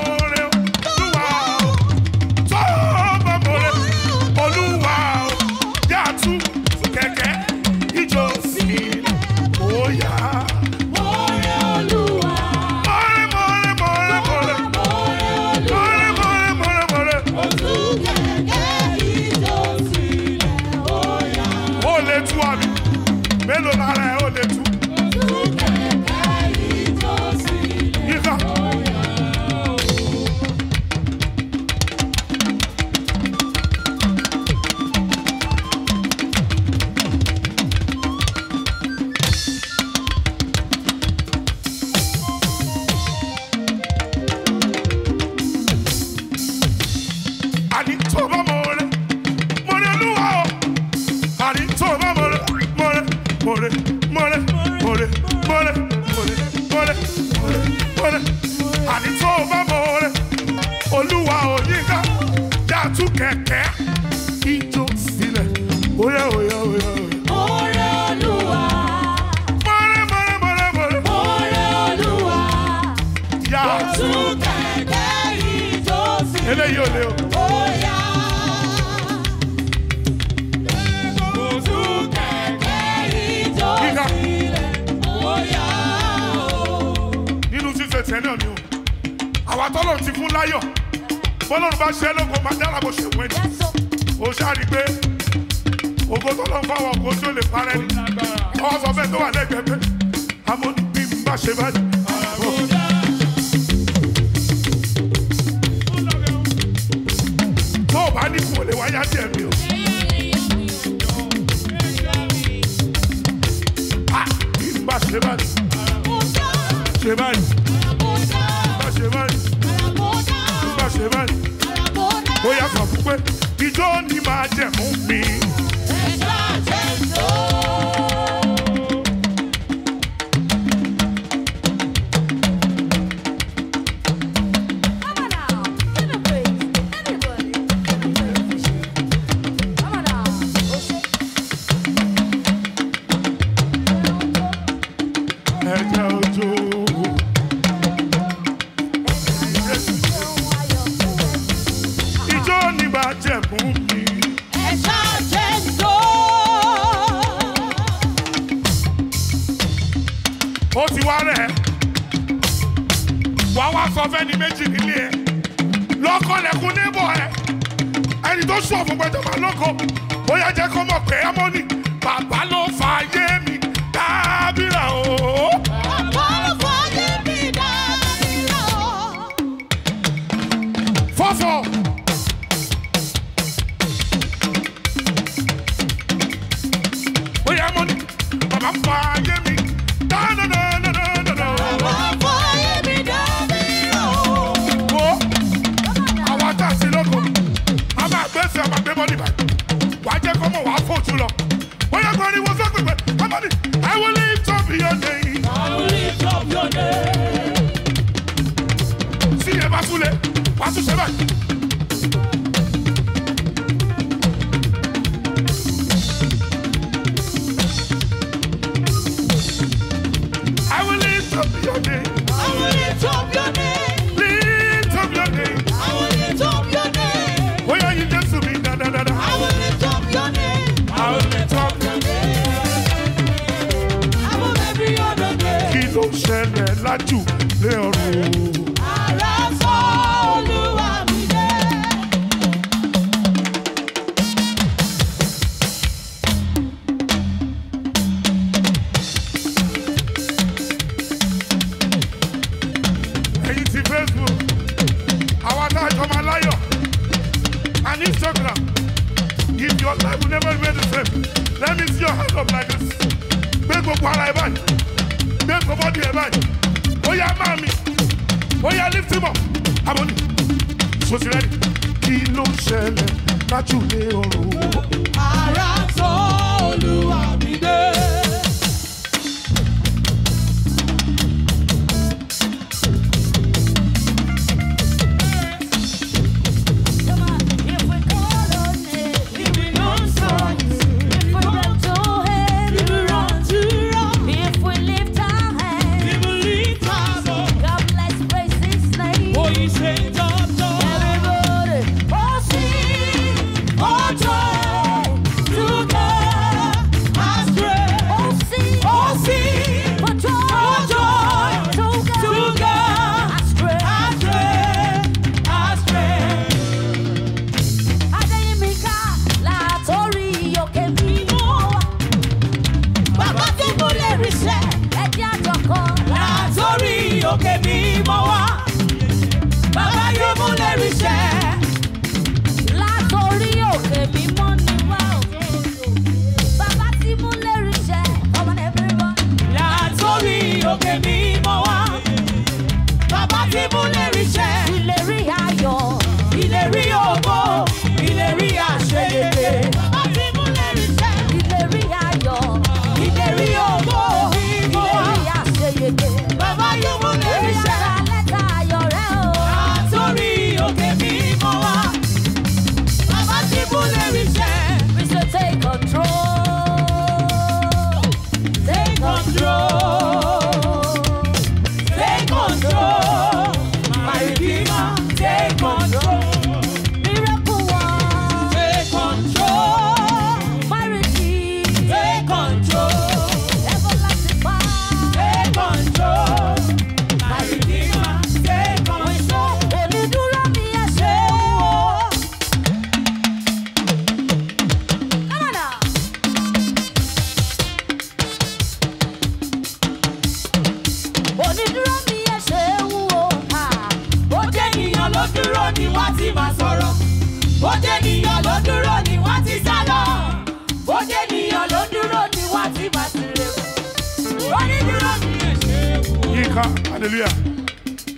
ká hallelujah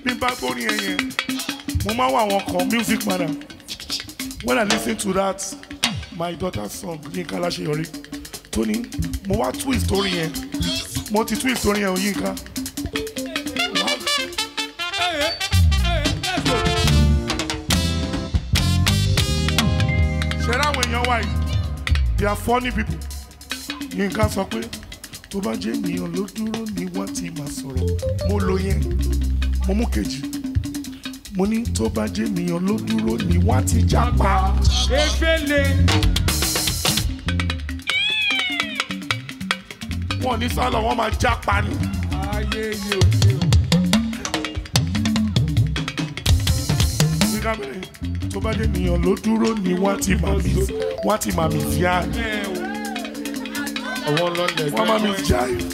bí n bá gbórin ẹ yẹn mo máa music man when i listen to that my daughter's song Yínká Aláṣeyọrí tó ní mo wá twist orin yẹn mo twist orin yẹn o Yínká. ṣe ráwọn èèyàn wáyé they are funny people Yínká sọ pé tó bá jẹ́ ènìyàn ló dúró ní wá ti máa sọ̀rọ̀ mo lo yẹn mo mú kejì mo ní tó bá jẹ́ ènìyàn ló dúró ní wá ti jápa. efele. wọn ní sálọ wọn máa jápa ni. ayé yìí tó bá jẹ́ ènìyàn ló dúró ní wá ti máa mi fíà ọwọ́ lọ́lẹ̀ bẹ́ẹ̀. mama mi jà yìí.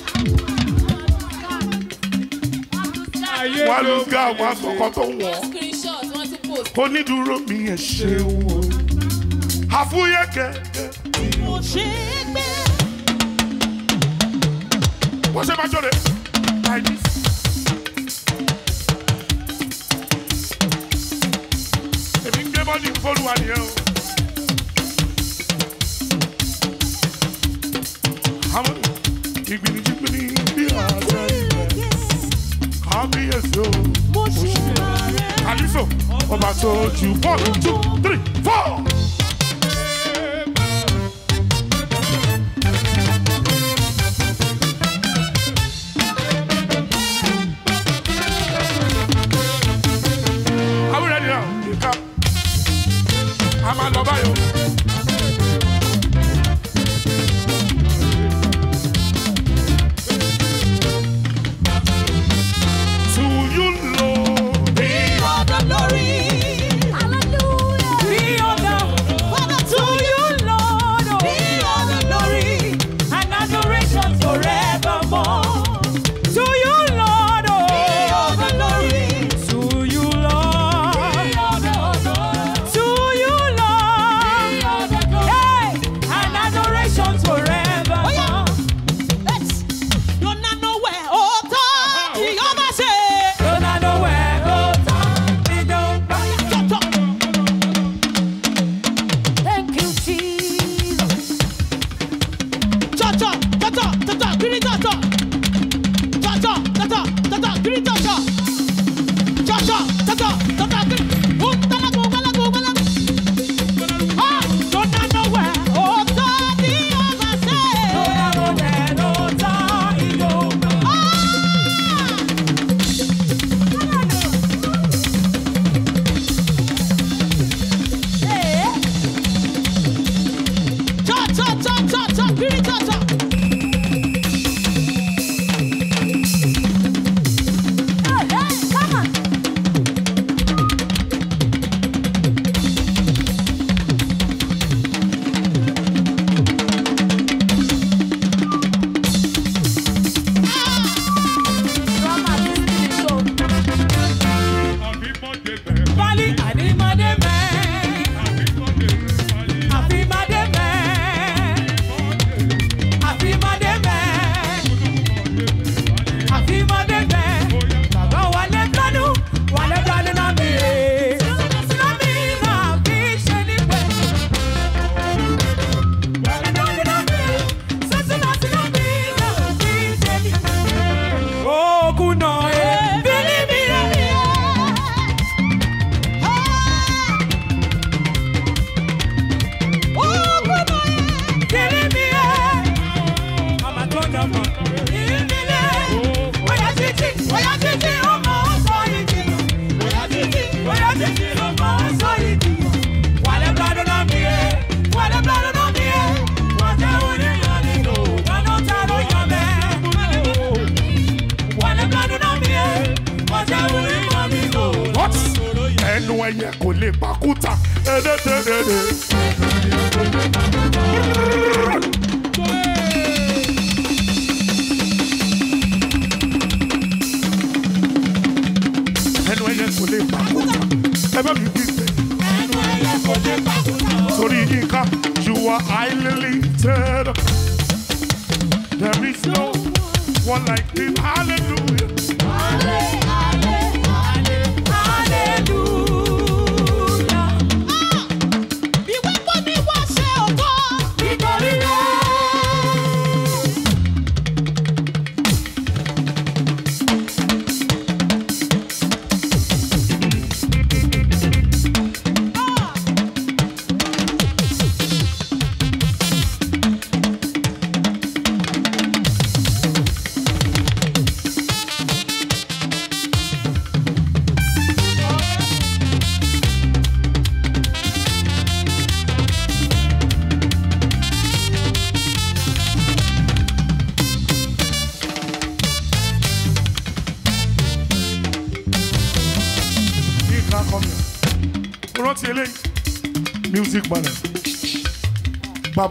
wọ́n á lu gá àwọn asọ̀kọ́ tó wọ̀ kó nídúró mi ẹ̀ ṣe wò àfúyẹ́ kẹ̀kẹ́. mo ṣe é gbé. wọ́n ṣe máa jọ̀rẹ̀ like this. èmi ń gbé bọ́ọ̀lù fọ́lùwà nìyẹn o. jìgbìnì jìgbìnì bí one two three four.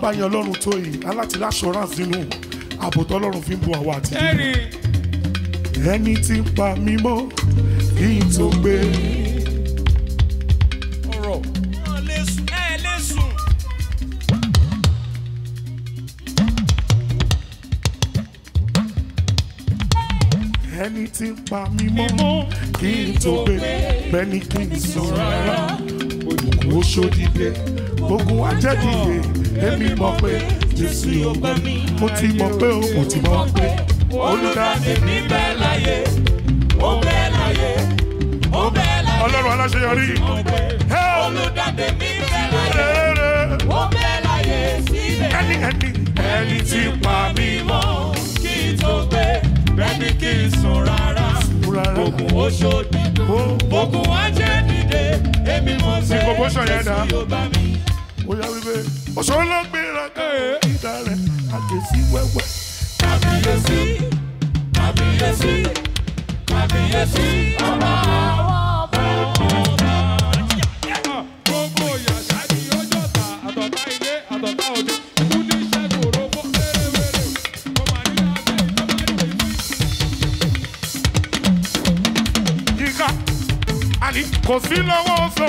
bá yan ọlọ́run tó yìí aláti láṣọránsì nínú ààbò tọ́lọ́run fi ń bu àwa àti ìlú. ẹni tí ń pa mí mọ́ kí n tó gbé. ẹni tí ń pa mí mọ́ kí n tó gbé bẹ́ẹ̀ kí n sọ̀rọ̀ rárá òdùkú ó ṣòdìdẹ èmi mọ̀ pé Jésù yóò gbà mí. mo ti mọ̀ pé o mo ti mọ̀ pé olùdarí mi bẹ́ẹ̀ láyé ó bẹ́ẹ̀ láyé ó bẹ́ẹ̀ láyé. ọlọ́run aláṣeyọrí. olùdarí mi bẹ́ẹ̀ láyé ó bẹ́ẹ̀ láyé sílẹ̀. ẹni ẹni ẹni tí pa mí mọ́ kí n tó gbé bẹ́ẹ̀ni kí n sùn rárá ogun oṣoodi ogun ajé dìde èmi mọ̀ bẹ́ẹ̀ Jésù yóò bá mi. ó wípé òṣòro gbéraga eh. ìdá rẹ̀ àjèsí wẹ́wẹ́. kàbíyèsí kàbíyèsí kàbíyèsí ọba àwọn ọba ọba. gbogbo yàtá ni ọjọ́ ta àtọ̀tá ilé àtọ̀tá òde. kò sí lọ́wọ́ oṣù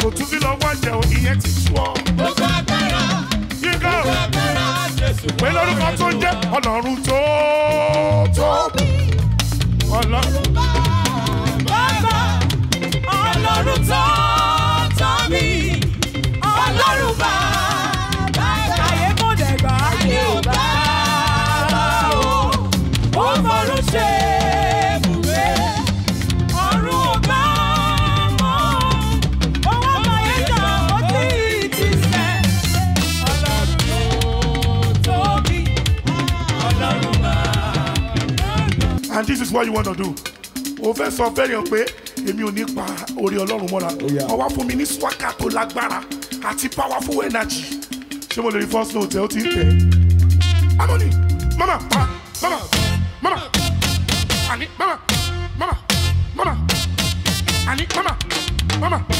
kò tún sí lọ́wọ́ jẹun ìyẹn ti sú ọ. gbogbo àgbà kan pé lórúkọ tó ń jẹ́ ọlọ́run tó tóbi ọlọ́run bàbá ọlọ́run tó tóbi ọlọ́run and this is what you wanna do o fẹ́ sọ fẹ́ yàn pé èmi ò ní pa orí ọlọ́run mọ́ra ó fún mi ní swaka tó lágbára àti powerful energy ṣé mo lè rí first note ẹ ó ti ń tẹ̀ amoni mama mama mama ani mama mama mama ani mama mama.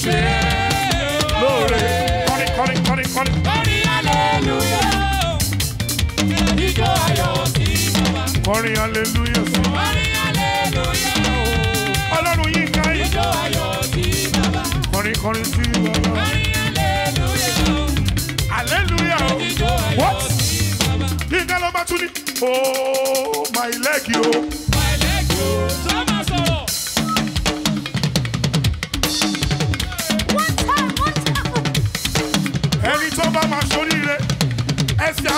ṣe lóore. Kọ́ni kọ́ni kọ́ni kọ́ni. Kọ́ni hallelujah. Ijó ayọ̀ sí bàbá. Kọ́ni hallelujah sí. Kọ́ni hallelujah. Ọlọ́run yìí ká Oh my leg yóò.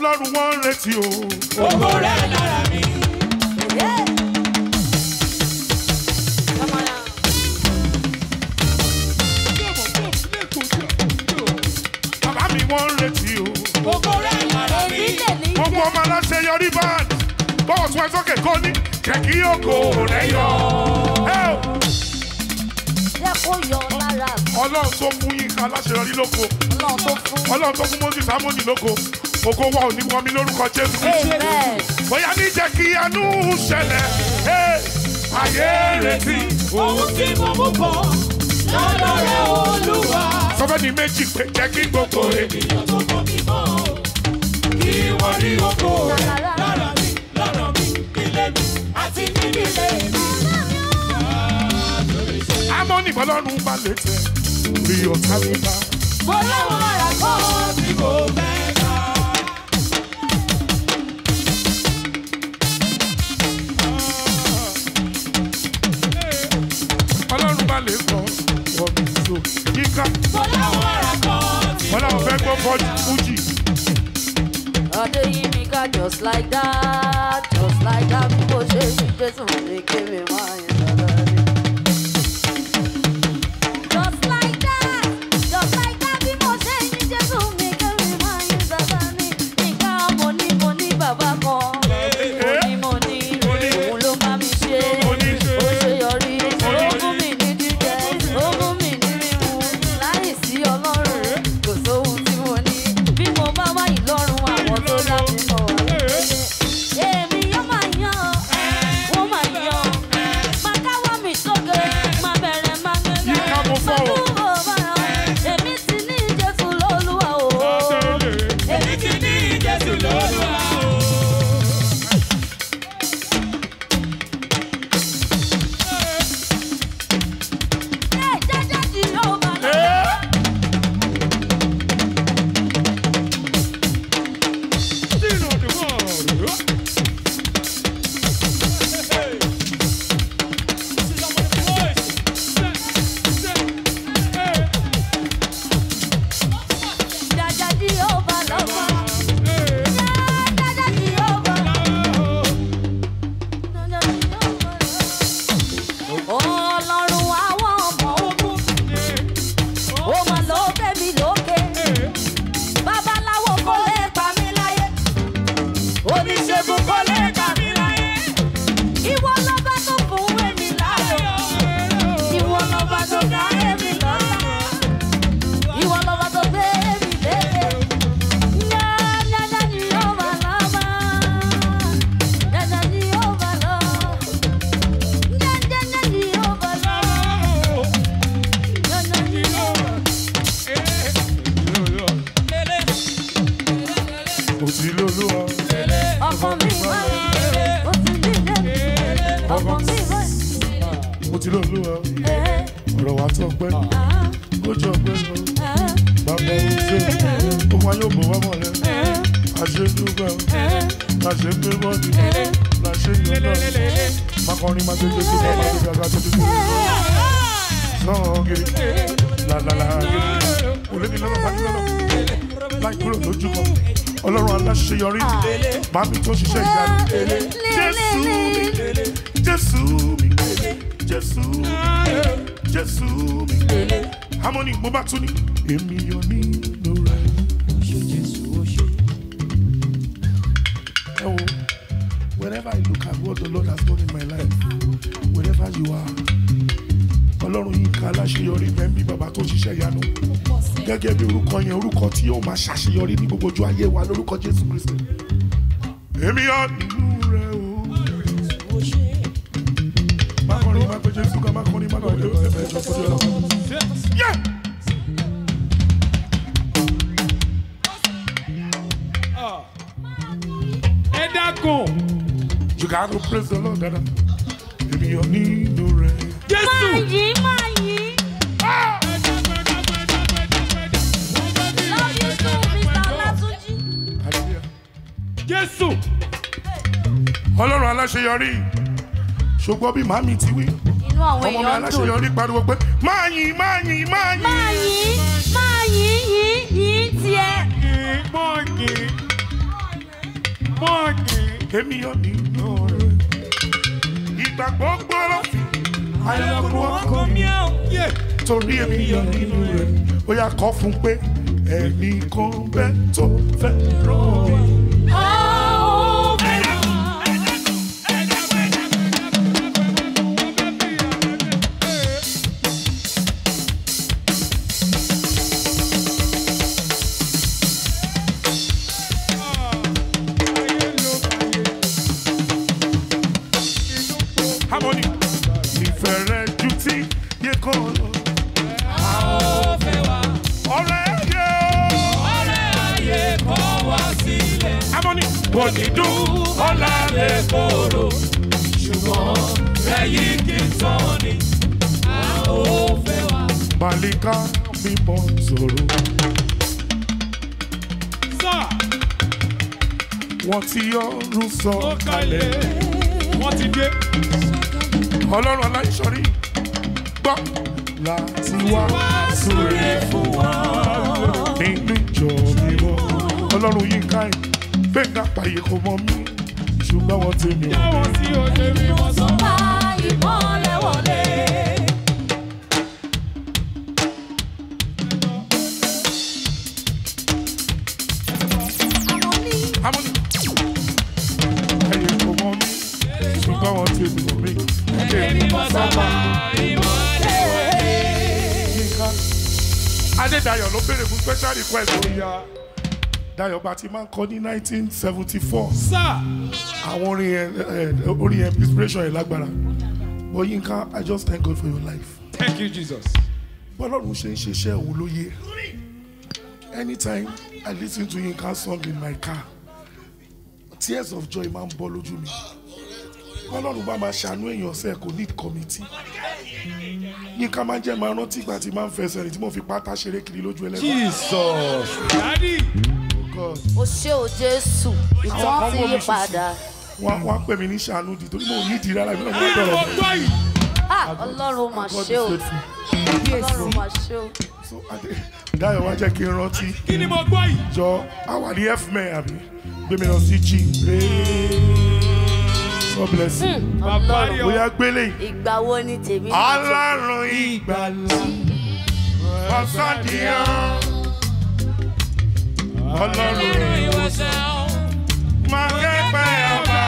ọlọ́run wọ́n ń retí o. ògo rẹ̀ lára mi. bàbá mi wọ́n ń retí o. ògo rẹ̀ lára mi. gbogbo ọmọ aláṣẹ yọrí band bọ́wọ̀ tún ẹ sókè kọ́ ní kẹ̀kí ògo rẹ̀ yọ. yẹ kó yọ lára. ọlọ́run tó fún yín ká aláṣẹ yọrí lóko. ọlọ́run tó fún moses amoni lóko ògo wa ò ní wọ mi lórúkọ Jésù bóyá ní jẹ́ kí àánú ṣẹlẹ̀ ayé retí ohun tí mo mú bọ̀ lọ́dọ̀ rẹ Olúwa. sọfẹ́ni méjì pé jẹ́ kí gbogbo ènìyàn tó mọ̀ mí mọ́ kí wọ́n rí ògo rẹ̀ lára mi lọ́rọ̀ mi ilé mi àti nínú ilé mi. àmọ́ nìbọn lọ́rùn balẹ̀ tẹ̀ rí ọ̀tá mi bá. mo láwọn ará kọ́ bí mo fẹ́. lè kọ́ wọ̀mí so kíkà. bọ́lá ara kọ́ ti bọ́ bẹ́ẹ̀. bọ́lá wọn fẹ́ gbọ́ bọ́ọ̀lù fújì. Adéyínká just like that just like that bó ṣe ṣe Jésù lè ké mi máa yẹn lọ́dọ̀. makọrin ma gbẹgbẹ gbẹ ma gbẹgbẹ gbẹ gbẹgbẹ náà gèrè làlàlà gèrè olóbi lọ́nà pàdé lọ́nà láì kúrò lójú kan ọlọ́run aláṣeyọrí bá mi tó ṣiṣẹ́ ìyanu jésù mi jésù mi jésù mi jésù mi harmony mo bá tún ní èmi yọ nínú. what the Lord has done in my life wherever you are ọlọ́run yìí ká aláṣeyọrí bẹ́ẹ̀mí bàbá tó ṣiṣẹ́ ìyanu gẹ́gẹ́ bí orúkọ yẹn orúkọ tí yóò máa ṣàṣeyọrí ní gbogbo ojú ayé wa lórúkọ Jésù Kristi. èmi ọ̀nù rẹ̀ o. mákọrin mákọ Jésù ká mákọrin mákọ Jésù ẹ̀fẹ̀ got to praise the Lord dada èmi ò nílò rẹ̀. Jésù máa yí máa yí. Jésù Ọlọ́run aláṣeyọrí ṣùgbọ́n bí màmí ti wí ọmọ mi aláṣeyọrí pariwo pé máa yìn máa yìn máa yìn. máa yìn máa yìn yìn yìn tiẹ̀. mọ̀ọ́kì mọ̀ọ́kì mọ̀ọ́kì kémi òdìgbò rẹ̀. ìgbà gbogbo ló fi àyọkù ọkàn mi ò oh, yẹ torí èmi yọ nínú rẹ̀ ó yà kọ́ fún pé ẹnì kan bẹ́ẹ̀ tó fẹ́ rọ̀ Gbénga pàyè kò mọ mí ṣùgbọ́n wọn ti mi. Dáwọ́ sí òde mi wọ́n sọ bá ìmọ̀lẹ̀ wọlé. Pàyè kò mọ mí ṣùgbọ́n wọn ti mi mí. Èmi wọ́n sọ bá ìmọ̀lẹ̀ wọlé. Adédayọ̀ ló béèrè fún special request ó yá. Dayo Bati máa ń kọ ní nineteen seventy four. sá. àwọn orin yẹn eh, eh, orin yẹn inspiration yẹn lágbára but Yinka I just thank God for your life. thank you Jesus. bọ́lọ́run ṣe ń ṣiṣẹ́ òun ló yé anytime I listen to Yinka song in my car tears of joy máa ń bọ́ lójú mi bọ́lọ́run bá máa ṣàánú èèyàn ọ̀sẹ̀ kò need committee yínká máa ń jẹ́ máa rántí ìgbà tí máa ń fẹsẹ̀ rìn tí mo fi pátá ṣeré kiri lójú ẹlẹ́gbẹ́. Jesus. Daddy o ṣé o jésù ìtàn ti yí padà. wọn wọn pè mí ní sànú di torí mo ò ní ìdí rárá ìbílẹ̀ mo ń bẹ̀rẹ̀ ọ̀dọ́. Ah, ọlọ́run mà ṣe o ọlọ́run mà ṣe o. Dayo wá jẹ́ kí n rántí. kí ni mo gbọ́ yìí. jọ àwa ní f men àbí gbé mi lọ sí g rèé. God bless you. Hmm, Bàbá rẹ̀ bóyá gbélé. Ìgbà wo ni tèmi? Ọlọ́run ìgbàlà. Ọ̀sán dìyàn ọlọ́run ìwòsàn máa kẹ́pẹ́ ọba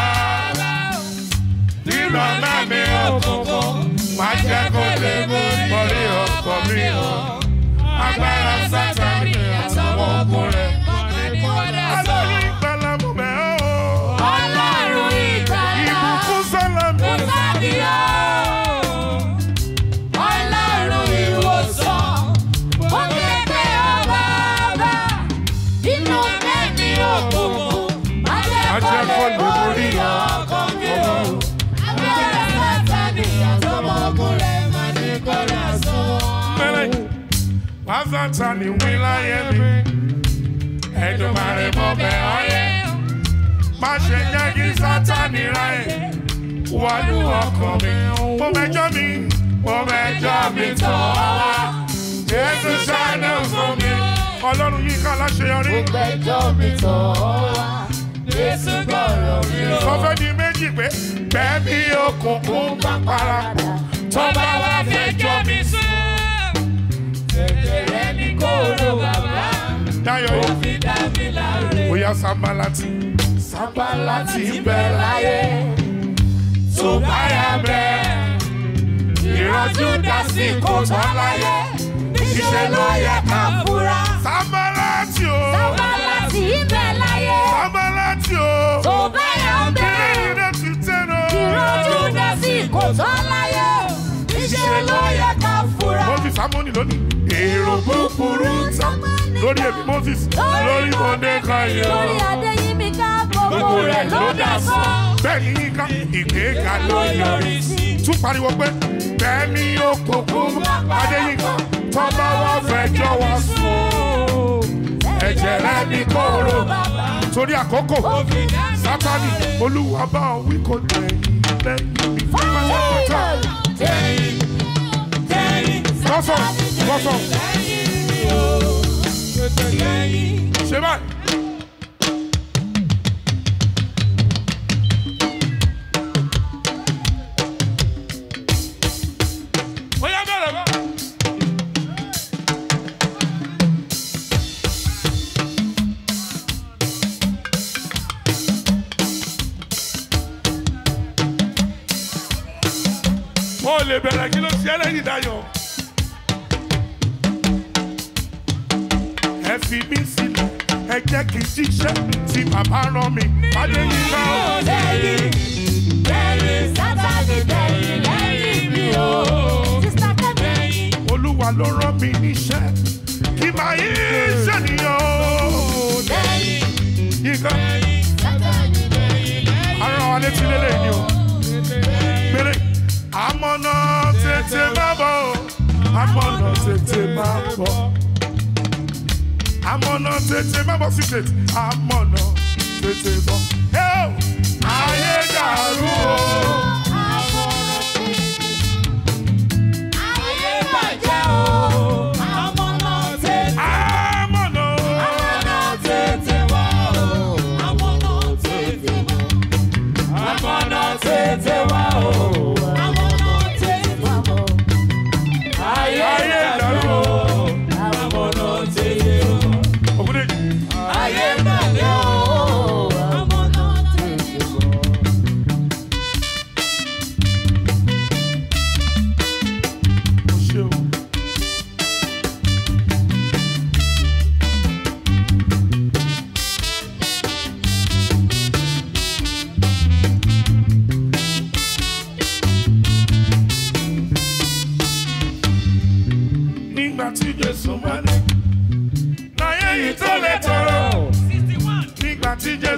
nínú ọ̀nà mi òkùnkùn máa jẹ́ kó lè borí. mata ni wila yemi Èdùmàrè mo bẹ̀ ọ́ yẹ má ṣe jẹ́ kí Sátánì ráyè wọlú ọkàn mi mo mẹjọ mi mo mẹjọ mi tọ́ wá Jésù ṣàánú fún mi Ọlọ́run yìí ká láṣeyọrí mo mẹjọ mi tọ́ wá Jésù gbọ́rọ̀ mi o sọ fẹ́ di méjì pé gbẹ̀mí òkùnkùn bá parapọ̀ tó bá wá mi sùn kóró bàbá Táyọ̀ yìí. Ó fi dá mi láre. Ó yá Sábàlátì. Sábàlátì bẹ láyé. Tó bá yà bẹ. Ìrọ́jú dá sí kò bá láyé. Níṣẹ́ ló yẹ ká fura. Sábàlátì o. Sábàlátì bẹ láyé. Sábàlátì o. Tó bá yà bẹ. Ìrọ́jú dá kò bá láyé. Níṣẹ́ ló yẹ ká fura sámúnì lónìí. èrò búburú tán lórí èmi Moses lórí Mordecai o. lórí Adéyínmí ká gbogbo rẹ̀ ló dà sọ. bẹ́ẹ̀ ni yín ká ìgbéga ló yọrí sí. tún pariwo pé bẹ́ẹ̀ ni òkùnkùn Adéyínká tó bá wá fẹjọ́ wọn sùn. ẹ̀jẹ̀ rẹ̀ ní kóró torí àkókò Sátánì Olúwa bá ọ wí kò lẹ́yìn lẹ́yìn ìfowópamọ́ tó tẹ̀yìn kọ́sọ̀ kọ́sọ̀. ṣe báyìí. lè bẹ̀rẹ̀ kí ló ṣe ẹlẹ́yìn dayọ̀. fi mí sílẹ̀ ẹ jẹ́ kí n ṣiṣẹ́ tí bàbá rán mi pàdé nígbà ó. lẹ́yìn lẹ́yìn sátani lẹ́yìn lẹ́yìn mi o. sísá kẹ́mi. olúwa ló rán mi níṣẹ́ kí màá yí sẹ́niyàn o. lẹ́yìn lẹ́yìn sátani lẹ́yìn lẹ́yìn. ara wa létí lélẹ̀ ni o. péré àmọ́ náà tètè má bọ̀ àmọ́ náà tètè má bọ̀ àmọ̀nà tètè má bọ́ sí tètè àmọ̀nà tètè bọ́. ayé dàrú o.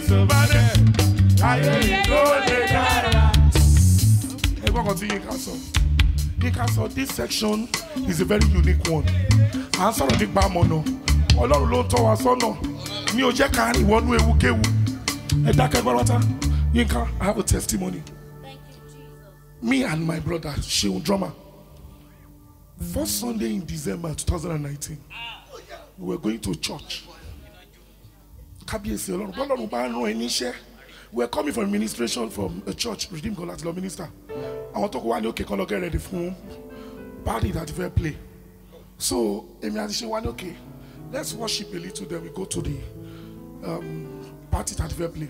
Jésù bá dé ayé ìgbó this section is a very unique one à ń sọ̀rọ̀ nípa àmọ̀nà Ọlọ́run ló ń tọ́ wa sọ́nà mi ò jẹ́ ká rìn wọnú ewúkéwu ẹ dákẹ́ gbọ́dọ̀ta Yinka I have a testimony me and my brother Seun Drummer first Sunday in December 2019 we were going to church kábíyèsí ọlọ́run bọ́lọ́run bá rán ẹ níṣẹ́ we are coming from administration from a church Redeem God láti lọ minister àwọn tó kọ wá ní òkè kan lọ́kẹ́ ready fún party that fẹ́ play so èmi àti ṣe wá ní òkè let's worship a little then we go to the um, party that fẹ́ play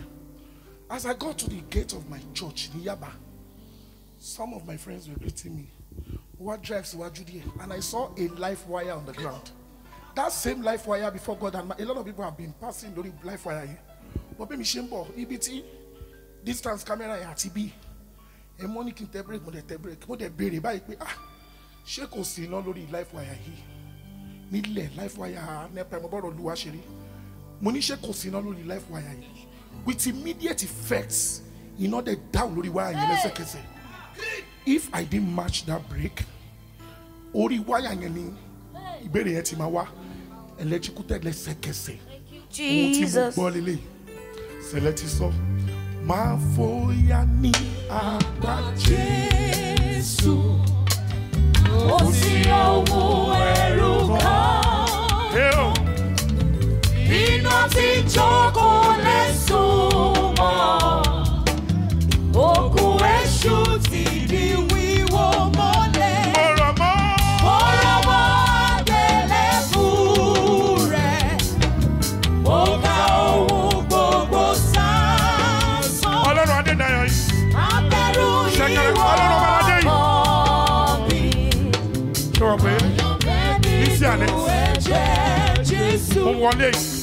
as I got to the gate of my church ní Yaba some of my friends were greeting me wá drive síwájú díẹ̀ and I saw a live wire on the ground that same life wire before God and my, a lot of people have been passing lórí life wire here. but bí mi ṣe ń bọ̀ distance camera yẹn TB. A money mọ́ break but they break but they bury by pé ah ṣé kò sí iná lórí life wire here. nílẹ̀ life wire nepa mo bọ̀rọ̀ lu àṣírí mo ní ṣé kò sí life wire here, with immediate effects iná dẹ̀ down lórí wire yẹn lẹ́sẹ̀kẹsẹ̀ if I didn't match that break orí wire yẹn ni ìbéèrè yẹn ti máa wá electrocuted lẹ́sẹ̀kẹsẹ̀ ohun tí mo gbọ́ lélẹ̀ sẹ̀lẹ̀ ti sọ máa fòyà ní àgbà Jésù ó sì ohun ẹ̀rù kan oh. iná tí jókòó lè sùn mọ́. One day.